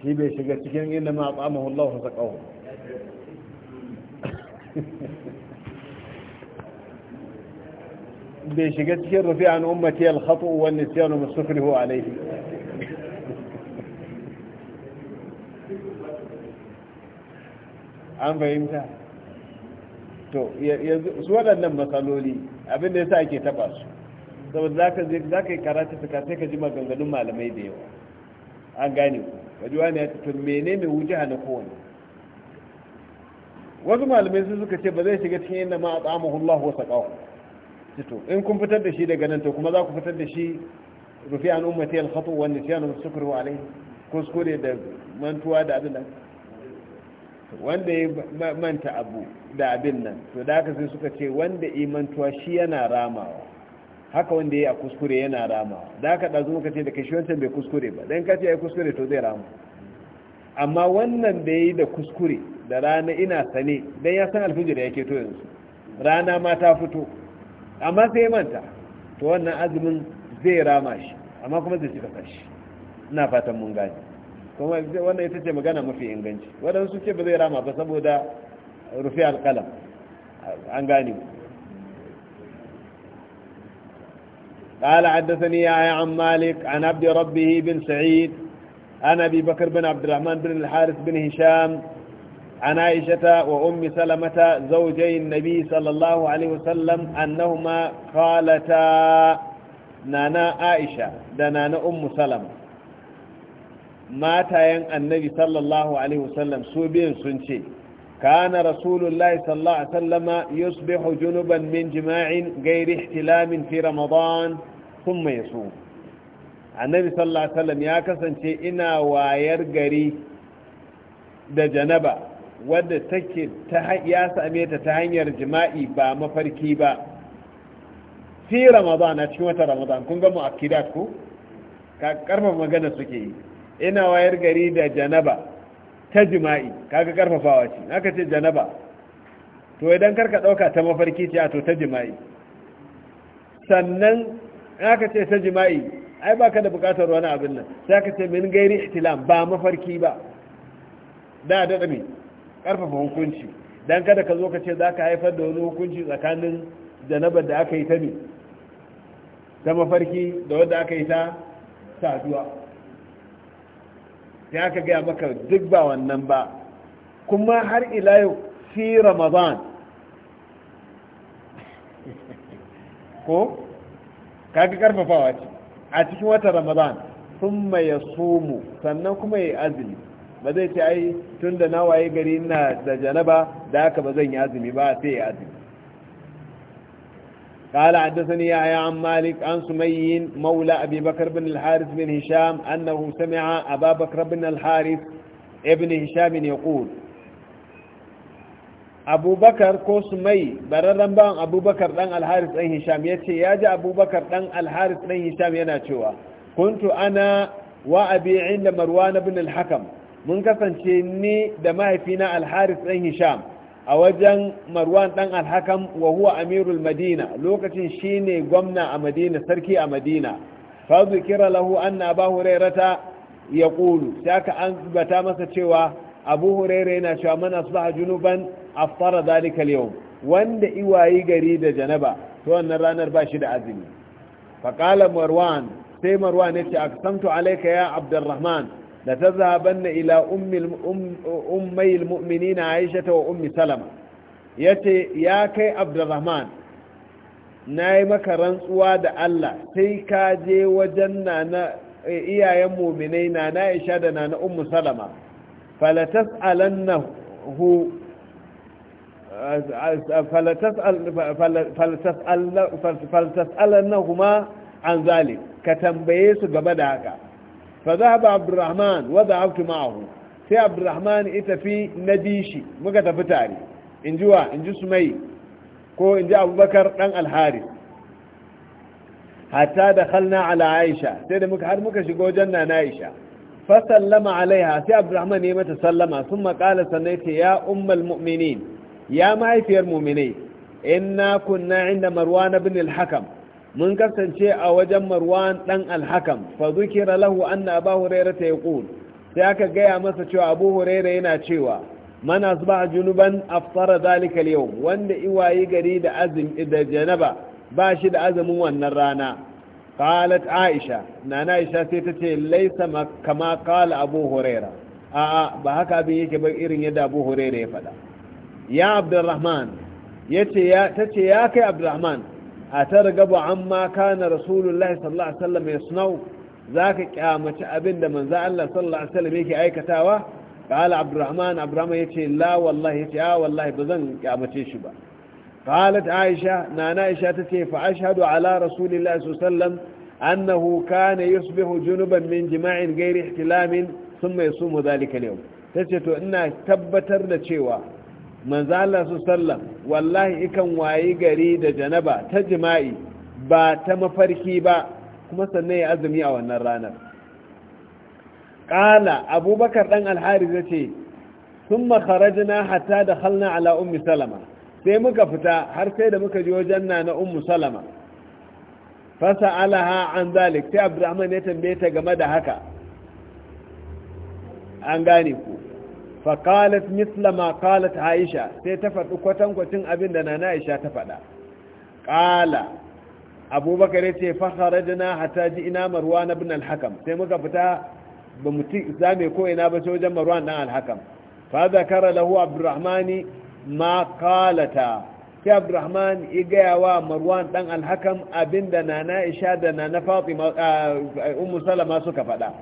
سيبه شجر تكين إنما أطعمه الله وزقه بشجر تكين رفيع عن أمتي الخطو والنسيان هو عليه an fahimta to su waɗannan matsaloli abinda ya sa ake taɓa su saboda za ka yi karatu suka sai ka ji maganganun malamai da yawa an gane ku wajewa wani ya to mene mai wuce na kowane wasu malamai sun suka ce ba zai shiga cikin yadda ma'a a tsamahullahu wasa ƙawo to in kun fitar da shi daga nan to kuma za ku fitar da shi rufi an ummati al-khatu wa an-nisyan alai sukru kuskure da mantuwa da abin nan wanda ya manta abu da abin nan to da haka sai suka ce wanda imantuwa shi yana ramawa haka wanda ya a kuskure yana ramawa da haka ɗazu muka ce da shi wancan bai kuskure ba don kace ya kuskure to zai rama amma wannan da ya yi da kuskure da rana ina sane don ya san alfijir ya ke to yanzu rana ma ta fito amma sai manta to wannan azumin zai rama shi amma kuma zai cika sashi ina fatan mun gani kuma wannan ita ce magana mafi inganci waɗansu ce ba zai rama ba saboda rufe alƙalam an gane قال حدثني يا عم مالك عن عبد ربه بن سعيد عن أبي بكر بن عبد الرحمن بن الحارث بن هشام عن عائشة وأم سلمة زوجي النبي صلى الله عليه وسلم أنهما قالتا نانا عائشة دنانا أم سلمة matayen annabi sallallahu alaihi wasallam su biyun sun ce kana rasulullahi sallallahu alaihi wasallama yusbihu junuban min jima'in gairi ihtilamin fi ramadan thumma yasum annabi sallallahu alaihi wasallam ya kasance ina wayar gari da janaba wadda take ya same ta ta hanyar jima'i ba mafarki ba fi ramadan a cikin wata ramadan kun ga mu'akkidat ku? ka karfafa magana suke yi ina wayar gari da janaba ta jima'i kaga karfafawa ce aka ce janaba to idan karka dauka ta mafarki ce a to ta jima'i sannan aka ce ta jima'i ai baka da bukatar wani abin nan sai ka ce min gairi ihtilam ba mafarki ba da da dame karfafa hukunci dan kada ka zo ka ce zaka haifar da wani hukunci tsakanin janaba da aka yi ta ne ta mafarki da wanda aka yi ta saduwa sai aka gaya maka duk ba wannan ba kuma har ila yau fi ramadan (laughs) ko kaga karfafawa ce a cikin watan ramadan sun mai ya somo sannan kuma ya azumi ba zai ce ai tun da na gari na da janaba da haka ba zan yi azumi ba sai ya azumi قال حدثني يا عن مالك عن سمي مولى أبي بكر بن الحارث بن هشام أنه سمع أبا بكر بن الحارث ابن هشام يقول أبو بكر كو سمي بررن بان أبو بكر دان الحارث بن هشام يتي ياجي أبو بكر دان الحارث بن هشام يناتشوا كنت أنا وأبي عند مروان بن الحكم من كسنشيني دمائي فينا الحارث بن هشام a wajen marwan dan alhakam wa huwa amirul madina lokacin shine gwamna a madina sarki a madina fa zikira lahu anna ta ya yaqulu saka an bata masa cewa abu hurairah yana cewa man asbaha junuban aftara dhalika wanda iwayi gari da janaba to wannan ranar ba shi da azumi fa marwan sai marwan yace samto alaika ya abdurrahman Da zaben tazhabanna ila ummai um, na Aisha wa ummi Salama yace ya kai Abdurrahman nayi maka rantsuwa da Allah sai ka je wajen iyayen mu'minai na Aisha da na ummu Salama Falatas, Alannahu, ma an ka tambaye su gaba da haka fa zahaba abdurrahman wa zahabtu ma'ahu sai abdurrahman ya tafi na bishi muka tafi tare in ji wa in ji ko in abubakar dan alharis Hata da khalna ala aisha sai da muka har muka shigo wajen na aisha fa sallama alaiha sai abdurrahman ya mata sallama sun maƙala sannan ya ummal mu'minin ya mahaifiyar mu'minai Ina kunna inda marwan ibn al-hakam mun kasance a wajen marwan dan alhakam fa zukira lahu anna abu huraira ta yaqul sai aka gaya masa cewa abu huraira yana cewa man asbaha junuban aftara zalika al-yawm wanda iwayi gari da azim da janaba ba shi da azumin wannan rana qalat aisha nana aisha sai ce laysa kama qala abu huraira a ba haka abin yake ba irin yadda abu huraira ya faɗa ya abdurrahman yace ya tace ya kai abdurrahman a targaba amma na rasulullahi sallallahu alaihi wasallam za ka kyamaci abinda manza Allah sallallahu alaihi yake aikatawa qala abdurrahman abdurrahman ce la wallahi yace ah wallahi bazan kyamace shi ba qalat aisha nana aisha ce fa ashhadu ala rasulillahi sallallahu alaihi wasallam annahu kana yusbihu junuban min jima'in ghairi ihtilamin thumma yasumu dhalika al Ta ce to ina tabbatar da cewa manzo Allah su sallam wallahi ikan wayi gari da janaba ta jima'i ba ta mafarki ba kuma sannan ya azumi a wannan ranar Ƙala abubakar ɗan al ce yace thumma kharajna hatta dakhalna ala ummi salama sai muka fita har sai da muka ji wajen na na ummu salama fasa alaha an zalik sai abdurrahman ya tambaye ta game da haka an gane ku faƙalat mislama ƙalat aisha sai ta faɗi kwatankwacin abin da na aisha ta faɗa ƙala abubakar ya ce fahara jina hata ji ina marwa na bin alhakam sai muka fita ba mu zame ko ina ba sai wajen marwa na alhakam fa zakara lahu abdurrahmani ma ƙalata sai abdurrahman ya gaya wa marwan ɗan alhakam abin da na na isha da na na a ummu salama suka faɗa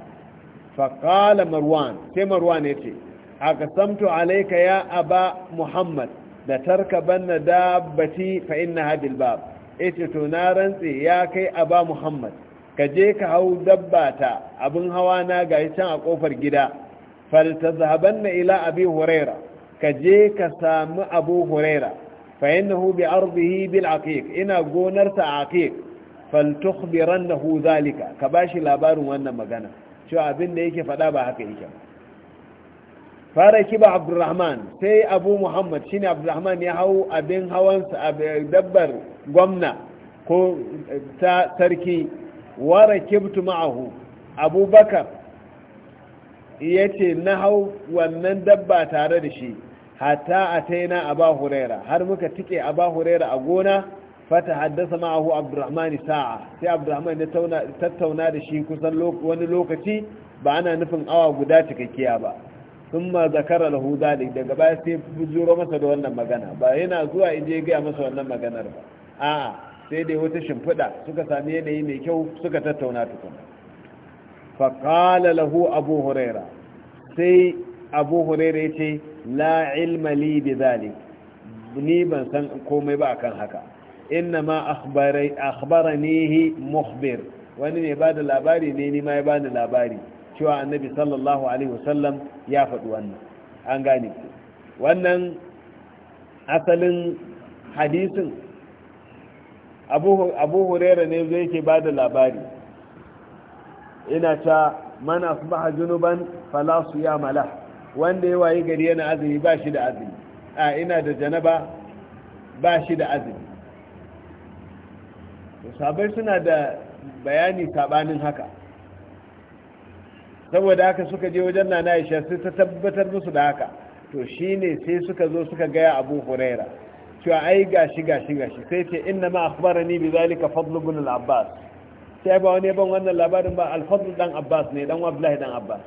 faƙala marwan sai marwan ne ce aqsamtu alayka ya aba muhammad da tarkabanna dabbati fa innaha bil bab ita to na rantse ya kai aba muhammad ka je ka hau dabbata abin hawa na gayi can a kofar gida faltazhabanna ila abi huraira ka je ka samu abu huraira fa innahu bi ardihi bil aqiq ina gonarsa aqiq faltukhbirannahu zalika ka bashi labarin wannan magana cewa abin da yake faɗa ba haka yake ba fara kiba abdurrahman sai abu muhammad shine abdurrahman ya hau abin hawansa dabbar gwamna ko ta sarki wara kibtu ma'ahu abubakar ya ce na hau wannan dabba tare da shi hata a taina a ba har muka tike a ba a gona fata haddasa ma'ahu abdurrahman sa'a sai abdurrahman ya tattauna da shi kusan wani lokaci ba ana nufin awa guda cikakkiya ba sun ma zakara lahu dalik daga baya sai bujuro masa da wannan magana ba yana zuwa inje ya gaya masa wannan maganar ba a'a sai dai wata shimfiɗa suka sami yanayi mai kyau suka tattauna tukuna faƙala lahu abu huraira sai abu huraira ya ce la bi zalik ni ban san komai ba akan haka inna ma akhbarani muhbir wani mai ba da labari ne ni ma ya bani labari cewa annabi sallallahu alaihi wasallam ya faɗi wannan an gane wannan asalin hadisin abu hurera ne zai ke ba da labari ina ta mana su junuban falasu ya mala wanda ya wayi gari yana azumi ba shi da azumi a ina da janaba ba shi da azumi sabai suna da bayani sabanin haka saboda haka suka je wajen nana aisha sai ta tabbatar musu da haka to shine sai suka zo suka gaya abu huraira cewa ai gashi gashi gashi sai ce inna ma ni bi zalika fadlu ibn al-abbas sai ba wani ban wannan labarin ba al-fadl dan abbas ne dan abdullahi dan abbas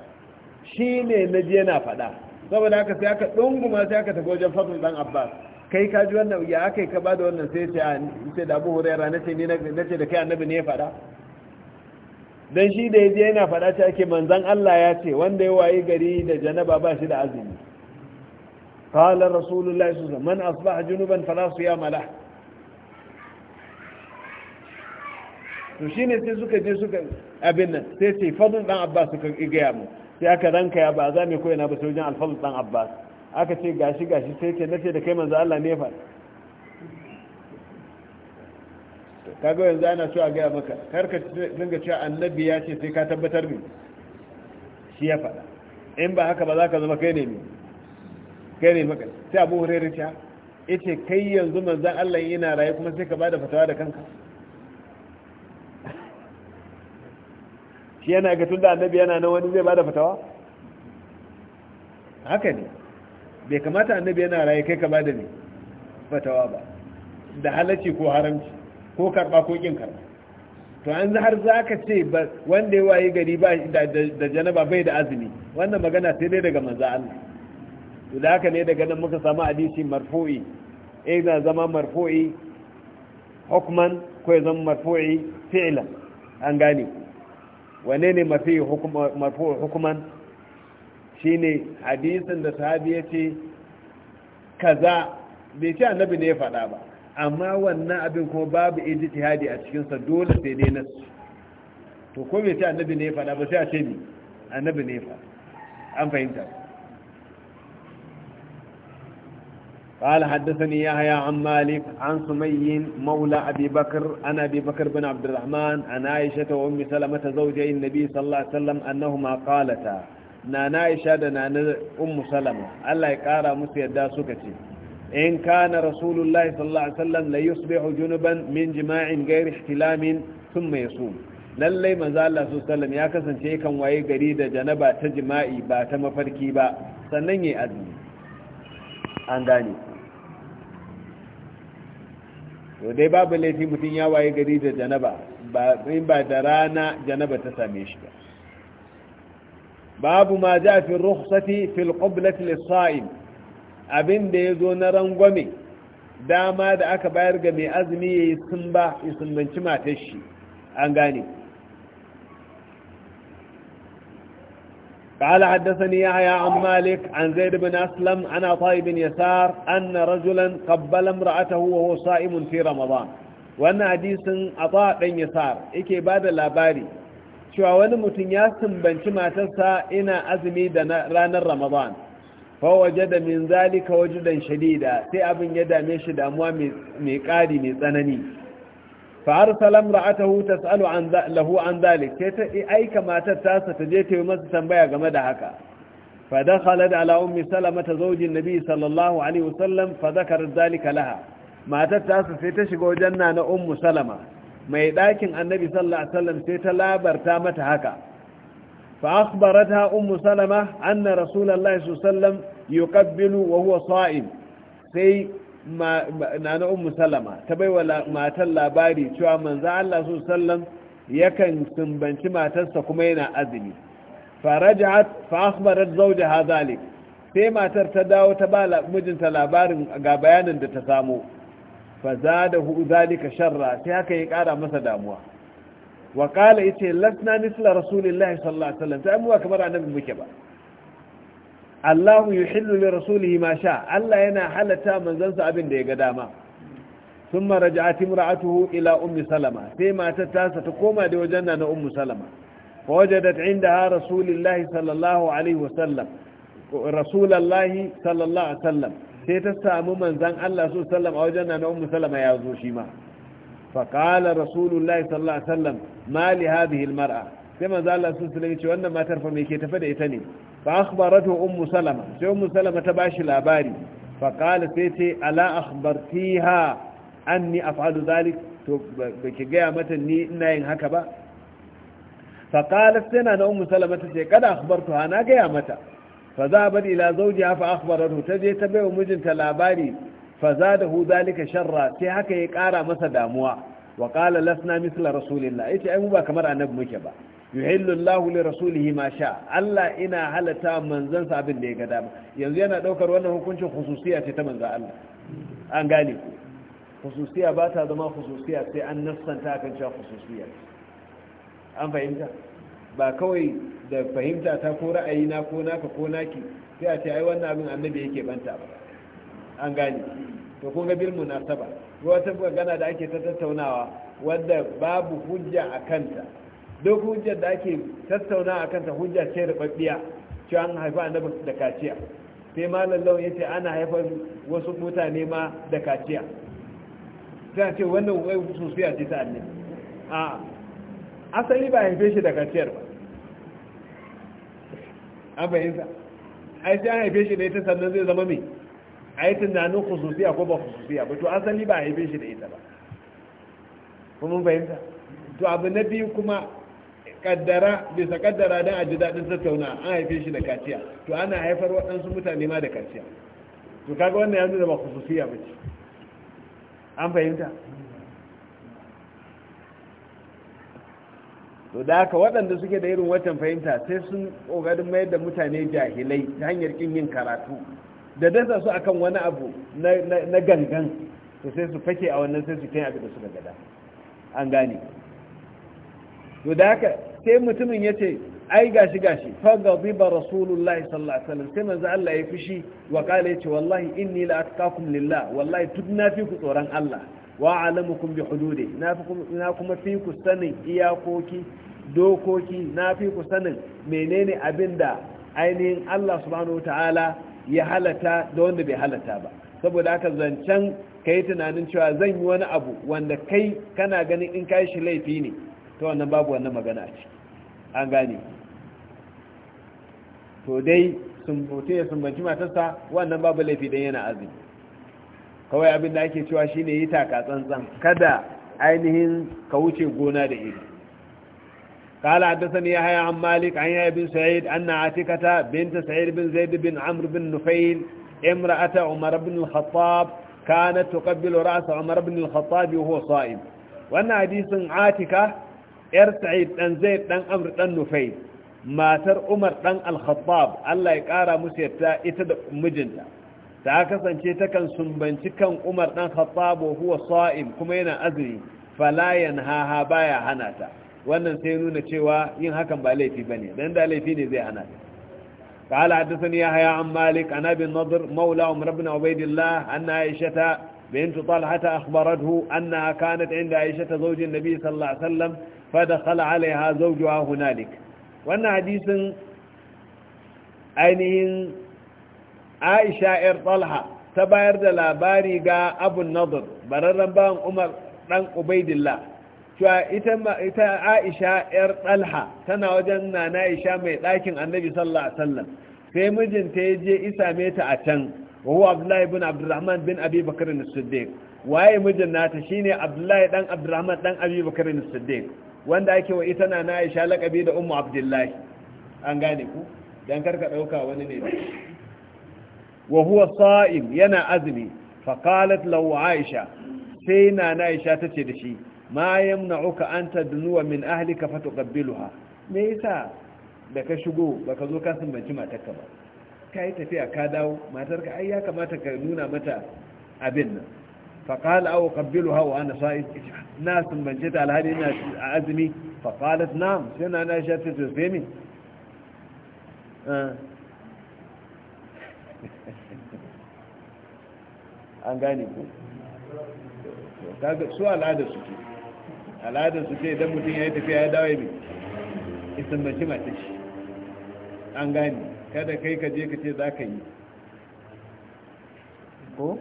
Shi na je yana fada saboda haka sai aka dunguma sai aka tafi wajen fadlu dan abbas kai ka ji wannan ya aka ka bada wannan sai ce a ce da abu huraira nace ni nace da kai annabi ne ya fada don shi da ya je yana faɗa ta ake manzan Allah ya ce wanda ya wayi gari da janaba ba shi da azumi qala rasulullahi sallallahu alaihi man asbaha junuban fala siyama lah to shine sai suka je suka abin nan sai sai fadl dan abbas suka igaya mu sai aka ranka ya ba za mu koyi na ba sai wajen alfadl dan abbas aka ce gashi gashi sai ce nace da kai manzo Allah ne fa kaga yanzu ana so a gaya maka kar ka dinga cewa annabi ya ce sai ka tabbatar ne shi ya faɗa in ba haka ba za ka zama kai ne kai ne maka sai abu hurairu ta ita kai yanzu manzan Allah yana raye kuma sai ka bada fatawa da kanka shi yana ga tunda annabi yana nan wani zai bada fatawa haka ne bai kamata annabi yana raye kai ka bada ne fatawa ba da halacci ko haramci ko karba ko kin karba to an har zaka ka ce wanda ya waye gari ba da janaba bai da azumi wannan magana sai dai daga manzo Allah to da haka ne daga nan muka samu hadisi marfu'i eh da zama marfu'i hukman ko zan zama marfu'i fi'lan an gane wane ne mafi marfu'i hukman shine hadisin da sahabi yace kaza bai ce annabi ne ya faɗa ba amma wannan abin kuma babu ijtihadi a cikin sa dole sai dai nasu to ko me sai annabi ne ya faɗa ba sai a ce ni annabi ne ya faɗa an fahimta قال حدثني يحيى عن مالك عن سمي مولى أبي بكر عن أبي بكر بن عبد الرحمن عن عائشة وأم سلمة زوجي النبي صلى الله عليه وسلم أنهما قالتا نانا عائشة نانا أم سلمة الله يقارى مسيدا سكتي إن كان رسول الله صلى الله عليه وسلم ليصبح جنبا من جماع غير احتلام ثم يصوم lallai manzo Allah ya kasance kan waye gari da janaba ta jima'i ba ta mafarki ba sannan yayi azumi an gane to babu laifi mutum ya waye gari da janaba in ba da rana janaba ta same shi ba babu ma ja fi rukhsati fil qiblati lis abin da ya zo na rangwame dama da aka bayar ga mai azumi ya yi sun ba ya sunbanci matar shi an gane قال حدثني يحيى عن مالك عن زيد بن أسلم عن عطاء بن يسار أن رجلا قبل امرأته وهو صائم في رمضان وأن حديث عطاء بن يسار إكي بعد الأباري شو أول متنياس بن شماتسا إنا أزمي دنا رمضان fawaje da min zalika wajudan shadida sai abin ya dame shi damuwa mai ƙari mai tsanani Fa salam ra'atahu tas'alu an lahu an zalik sai ta aika matar tasa ta je ta yi masa tambaya game da haka fa dakhalat ala ummi salama ta zaujin nabi sallallahu alaihi wasallam fa zakarat zalika laha matar tasa sai ta shiga wajen nana ummu salama mai ɗakin annabi sallallahu alaihi wasallam sai ta labarta mata haka فأخبرتها أم سلمة أن رسول الله صلى الله عليه وسلم yuqabbilu wa huwa sa'im sai nana ummu salama ta baiwa matan labari cewa manzo Allah su sallam yakan sumbanci matarsa kuma yana azumi farajat fa akhbarat zawjaha zalik sai matar ta dawo ta ba mijinta labarin ga bayanin da ta samu fa zadahu zalika sharra sai haka ya kara masa damuwa wa qala ite lasna nisla rasulillahi sallallahu alaihi wasallam sai mu kamar annabi muke ba Allahu yuhillu li rasulihi ma sha Allah yana halatta manzansa abin da ya ga dama thumma raja'at imra'atuhu ila ummi salama sai matar tasa ta koma da wajen na ummu salama fa wajadat indaha rasulillahi sallallahu alaihi wasallam rasulullahi sallallahu alaihi wasallam sai ta samu manzan Allah su sallam a wajen na ummu salama ya zo shi ma fa qala rasulullahi sallallahu alaihi wasallam ma li hadhihi almar'a sai manzo Allah sun sulami ce wannan matar fa me ke tafe da ita ne fa akhbaratu ummu salama sai ummu salama ta bashi labari fa qala sai ce ala akhbartiha anni af'alu dhalik to baki ga mata ni ina yin haka ba fa qalat sana na ummu salama ta ce kada akhbartuha na ga mata fa zabat ila zawjiha fa akhbaratu ta je ta bai mijinta labari fa zadahu dhalika sharra sai haka ya kara masa damuwa wa qala lasna mithla rasulillah yace ai mu ba kamar annabi muke ba yuhillu Allahu li rasulihi ma sha Allah ina halata manzansa sa abin da ya ga dama yanzu yana daukar wannan hukuncin khususiyya ce ta manzon Allah an gane khususiyya ba ta zama khususiyya sai an nassanta kan cewa khususiyya an fahimta ba kawai da fahimta ta ko ra'ayi na ko naka ko naki sai a ce ai wannan abin annabi yake banta ba an gane to kun ga bil munasaba wata gana da ake tattaunawa wadda babu hujja a kanta duk hujjar da ake tattauna a kanta hujjar ce da babbiya cewa an haifa annabi da kaciya sai malam lawan yace ana haifar wasu mutane ma da kaciya sai ce wannan wai sosiya ce ta annabi a asali ba haife shi da kaciyar ba an fahimta ai sai an haife shi da ita sannan zai zama mai a yi tunanin khususiya ko ba khususiya ba to asali ba a haife shi da ita ba kuma fahimta to abu na biyu kuma kaddara bisa kaddara don a ji daɗin tattauna an haife shi da kaciya to ana haifar waɗansu mutane ma da kaciya to kaga wannan yanzu da ba kususiya ba ce an fahimta to da haka waɗanda suke da irin watan fahimta sai sun ƙoƙarin mayar da mutane jahilai ta hanyar ƙin yin karatu da dasa su akan wani abu na gangan to sai su fake a wannan sai su kai abin da suka gada an gane to da haka sai mutumin ya ce ai gashi gashi fagaziba rasulullahi sallallahu alaihi wasallam sai manzo Allah ya fishi wa ya yace wallahi inni la atqakum lillah wallahi tudna na fi ku tsoron Allah wa alamukum bi hududi na fi na kuma fi ku sanin iyakoki dokoki na fi ku sanin menene abinda ainihin Allah subhanahu wataala ya halata da wanda bai halata ba saboda haka zancen kai tunanin cewa zan yi wani abu wanda kai kana ganin in kai shi laifi ne ta wannan babu wannan magana ce an gane to dai sun mutu ya sumbanci matarsa wannan babu laifi dan yana azumi kawai abin da ake cewa shine yi taka tsantsan kada ainihin ka wuce gona da iri قال حدثني يحيى عن مالك عن يحيى بن سعيد أن عاتكة بنت سعيد بن زيد بن عمرو بن نفيل امرأة عمر بن الخطاب كانت تقبل رأس عمر بن الخطاب وهو صائم وأن حديث yar sa'id dan zai ɗan amr ɗan nufai matar umar ɗan al Allah ya kara musu yadda ita da mijinta ta kasance takan sumbanci kan umar dan khattab huwa sa'im kuma yana azumi falayan haha baya hana ta wannan sai nuna cewa yin hakan ba laifi ne dan da laifi ne zai hana ta قال حدثني يحيى عن مالك عن ابي النضر مولى عمر بن عبيد الله ان عائشه بنت طلحه اخبرته انها كانت عند عائشه زوج النبي صلى الله عليه وسلم fadakhala alaiha zawjuha hunalik wannan hadisin ainihin Aisha ‘yar Talha ta bayar da labari ga abun Nadir, bararren bayan Umar ɗan Ubaidillah, cewa ita Aisha ‘yar Talha tana wajen nana Aisha mai ɗakin annabi sallallahu Alaihi wasallam sai mijinta ya je isa ta a can, wahu Abdullahi bin Abdurrahman bin Abi Bakar Siddiq. Waye mijin nata shine Abdullahi dan Abdurrahman ɗan Abi Bakar Siddiq. wanda ake wa ita na na sha laƙabi da umu abdullahi an gane ku don karka ɗauka wani ne wa huwa sa'im yana azumi qalat law aisha sai na na aisha tace ce da shi ma yamna'uka an tadnuwa min ahlika fatuqabbiluha me yasa da ka shigo baka zo ka sumbanci matarka ba ka tafiya ka dawo matarka ai ya kamata ka nuna mata abin nan فقال أو قبلها وأنا صائد ناس من جد على هذه الناس أزمي فقالت نعم سنة أنا شاتت فيني an gane ku su al'adar su ce al'adar su ce idan mutum ya yi tafiya ya dawo mai isambanci mata shi an gane kada kai ka je ka ce za ka yi ko?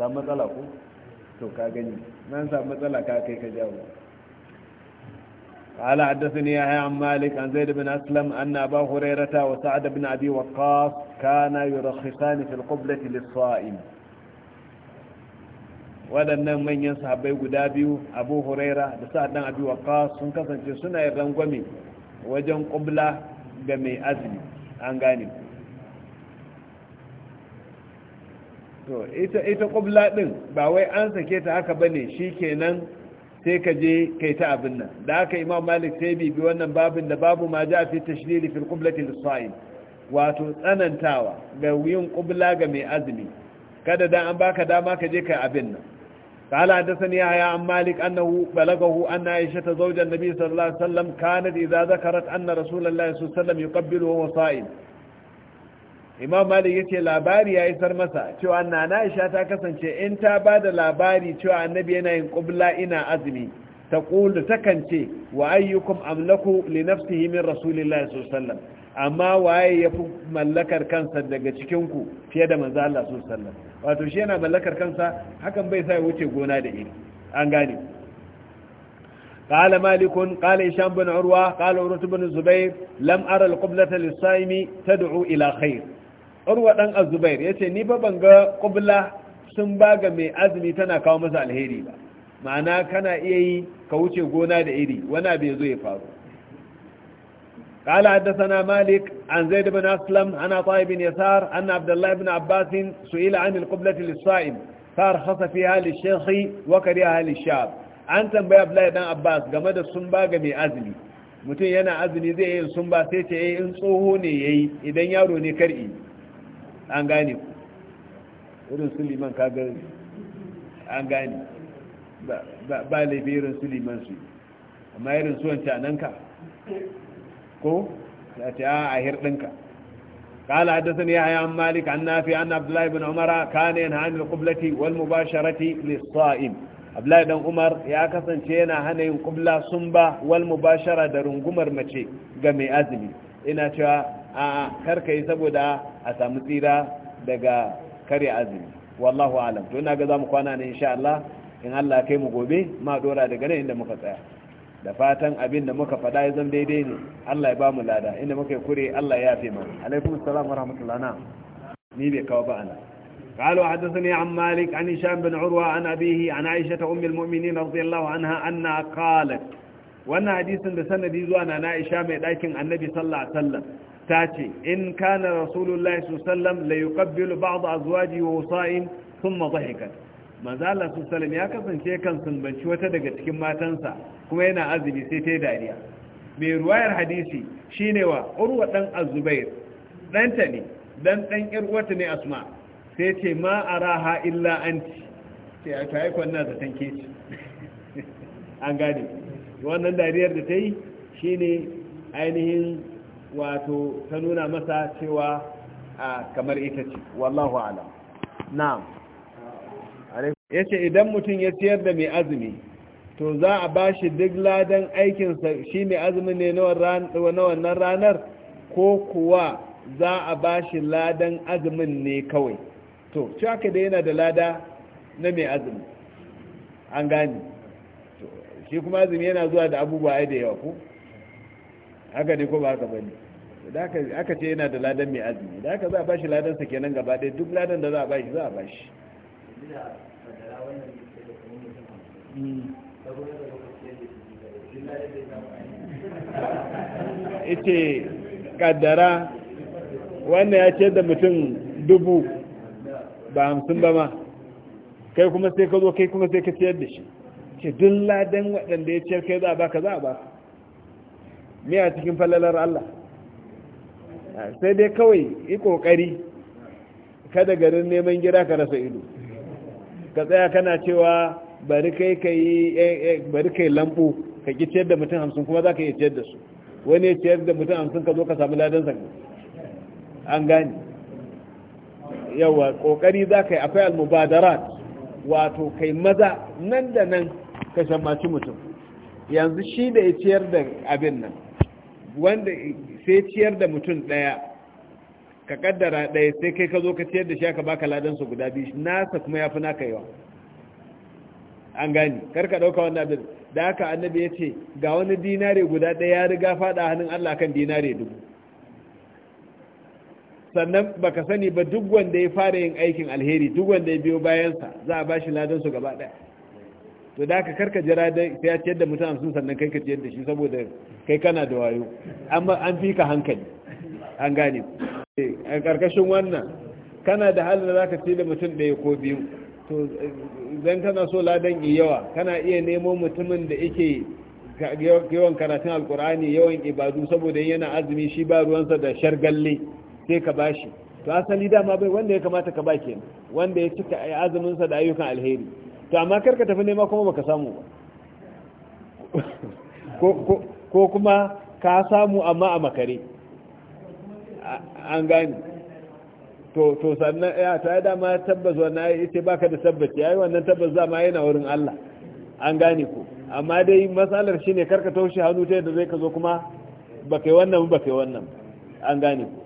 samu matsala ku matsala ka kai ka jawo ala addasani ya hayan malik an zai dubin aslam an ba hurairata wasu adabin abi wa kaf ka na yi rahisa ne filkoblet lissa'in waɗannan manyan sahabai guda biyu abu huraira da su haɗin abi wa sun kasance suna yi rangwame wajen ƙubla ga mai azini an gane. to ita ita ƙubla ɗin ba wai an sake ta haka ba ne shi kenan sai ka je kai ta abin nan da haka imam malik sai bibi wannan babin da babu ma ja fi tashdidi fil qublati lis wato tsanantawa ga yin kubla ga mai azumi kada da an baka dama ka je kai abin nan قال حدثني يحيى عن مالك أنه بلغه أن عائشة زوج النبي صلى الله عليه وسلم كانت إذا ذكرت أن رسول الله صلى الله عليه وسلم يقبل وهو صائم imam malik yace labari ya sar masa cewa nana aisha ta kasance in ta bada labari cewa annabi yana yin qubla ina azumi taqulu takance wa ayyukum amlaku li nafsihi min rasulillahi sallallahu alaihi wasallam amma waye yafi mallakar kansa daga cikin fiye da manzo sallallahu alaihi wasallam wato shi yana mallakar kansa hakan bai sa ya wuce gona da iri an gane قال مالك قال هشام بن عروة قال عروة بن الزبير لم أرى القبلة للصائم تدعو إلى خير urwa dan ya ce ni ba ban ga qubla sun baga mai azumi tana kawo masa alheri ba ma'ana kana iya yi ka wuce gona da iri wani bai zo ya faru قال حدثنا مالك عن زيد بن أسلم عن عطاء بن يسار أن عبد الله بن عباس سئل عن القبلة للصائم فارخص فيها للشيخ وكرهها للشاب an tambaya Abdullahi dan Abbas game da sumba ga mai azumi mutum yana azumi zai yi sumba sai ce eh, in tsoho ne yayi idan yaro ne kar kar'i an gane ku wurin suliman kagar an gane ba laifin irin suliman su amma irin suwanci canan ka ko ya ce a ahir ɗinka kala haddasa ne ya haya an malika an nafi an abdullahi bin umara kane yana hannun kublati wal mubasharati lissa'in abdullahi dan umar ya kasance yana hana yin kubla sun ba wal mubashara da rungumar mace ga mai azumi ina cewa a karka yi saboda a samu tsira daga kare azumi wallahu alam to ina ga zamu kwana ne insha Allah in Allah kai mu gobe ma dora daga nan inda muka tsaya da fatan abin da muka faɗa ya zama daidai ne Allah ya ba mu lada inda muka yi kure Allah ya yafe mu alaikum assalam wa rahmatullahi na ni bai kawo ba ana قالوا حدثني عن مالك عن هشام بن عروة عن أبيه عن عائشة أم المؤمنين رضي الله عنها أنها قالت وأن حديث بسند يزوان عن عائشة النبي صلى الله عليه وسلم ta ce in kana rasulullahi sallam la yuqabbilu ba'd azwaji wa wasa'in thumma dhahikat manzo Allah sallam ya kasance kan sunbanci wata daga cikin matansa kuma yana azumi sai ta dariya mai ruwayar hadisi shine wa urwa dan azubair danta ne dan dan irwata ne asma sai ce ma araha illa anti sai a kai kwanna ta tanke ci an gane wannan dariyar da ta yi shine ainihin wato ta nuna masa cewa kamar ita ce wallahu alam na'am ya ce idan mutum ya ciyar da mai azumi to za a ba shi duk ladan aikinsa shi mai azumi ne na wannan ranar ko kuwa za a ba shi ladan azumin ne kawai to shaka da yana da lada na mai azumi an gani shi kuma azumi yana zuwa da abubuwa da yawa ko haka ne ko ba haka bane da aka ce yana da ladan mai azumi da aka za a bashi ladan sa kenan gaba ɗaya duk ladan da za a bashi za a bashi ita kaddara wannan ya ce da mutum dubu ba hamsin ba ma kai kuma sai ka zo kai kuma sai ka ciyar da shi Ke dun ladan waɗanda ya ciyar kai za a baka za a baka me a cikin falalar Allah sai dai kawai yi kokari kada garin neman gida ka rasa ido ka tsaya kana cewa bari kai kai eh, eh, bari kai lambu ka ki ciyar da mutum hamsin kuma za ka iya ciyar da su wani ya ciyar da mutum hamsin ka zo ka samu ladan sa an gane yawa kokari za ka yi akwai almubadarat wato kai maza nan da nan ka shammaci mutum yanzu shi da ya ciyar da abin nan wanda sai ciyar da mutum ɗaya ka kaddara ɗaya sai kai ka zo ka ciyar da shi aka baka ladansa guda biyu nasa kuma ya fi naka yawa an gani karka ɗauka wanda abin da haka annabi ya ce ga wani dinare guda ɗaya ya riga faɗa hannun allah kan dinare dubu sannan baka sani ba duk wanda ya fara yin aikin alheri duk wanda ya biyo bayansa za a ba shi ladansa gaba ɗaya to da ka karka jira da ya ciyar da mutum hamsin sannan kai ka ciyar da shi saboda kai kana da wayo an fi ka hankali an gane a karkashin wannan kana da halin da za ka ci da mutum ɗaya ko biyu to zan kana so ladan yawa kana iya nemo mutumin da yake yawan karatun alkur'ani yawan ibadu saboda yana azumi shi ba ruwansa da shargalle sai ka bashi to asali dama bai wanda ya kamata ka ba kenan wanda ya cika azuminsa da ayyukan alheri to amma karka tafi nema kuma baka samu ba ko kuma ka samu amma a makare an gani to sannan ya ta yi dama tabbas wannan ya ce baka da tabbas ya yi wannan tabbas zama yana wurin Allah an gane ku. amma dai matsalar shi ne karka taushe hannu ta yadda zai ka zo kuma ba yi wannan ba yi wannan an gane ku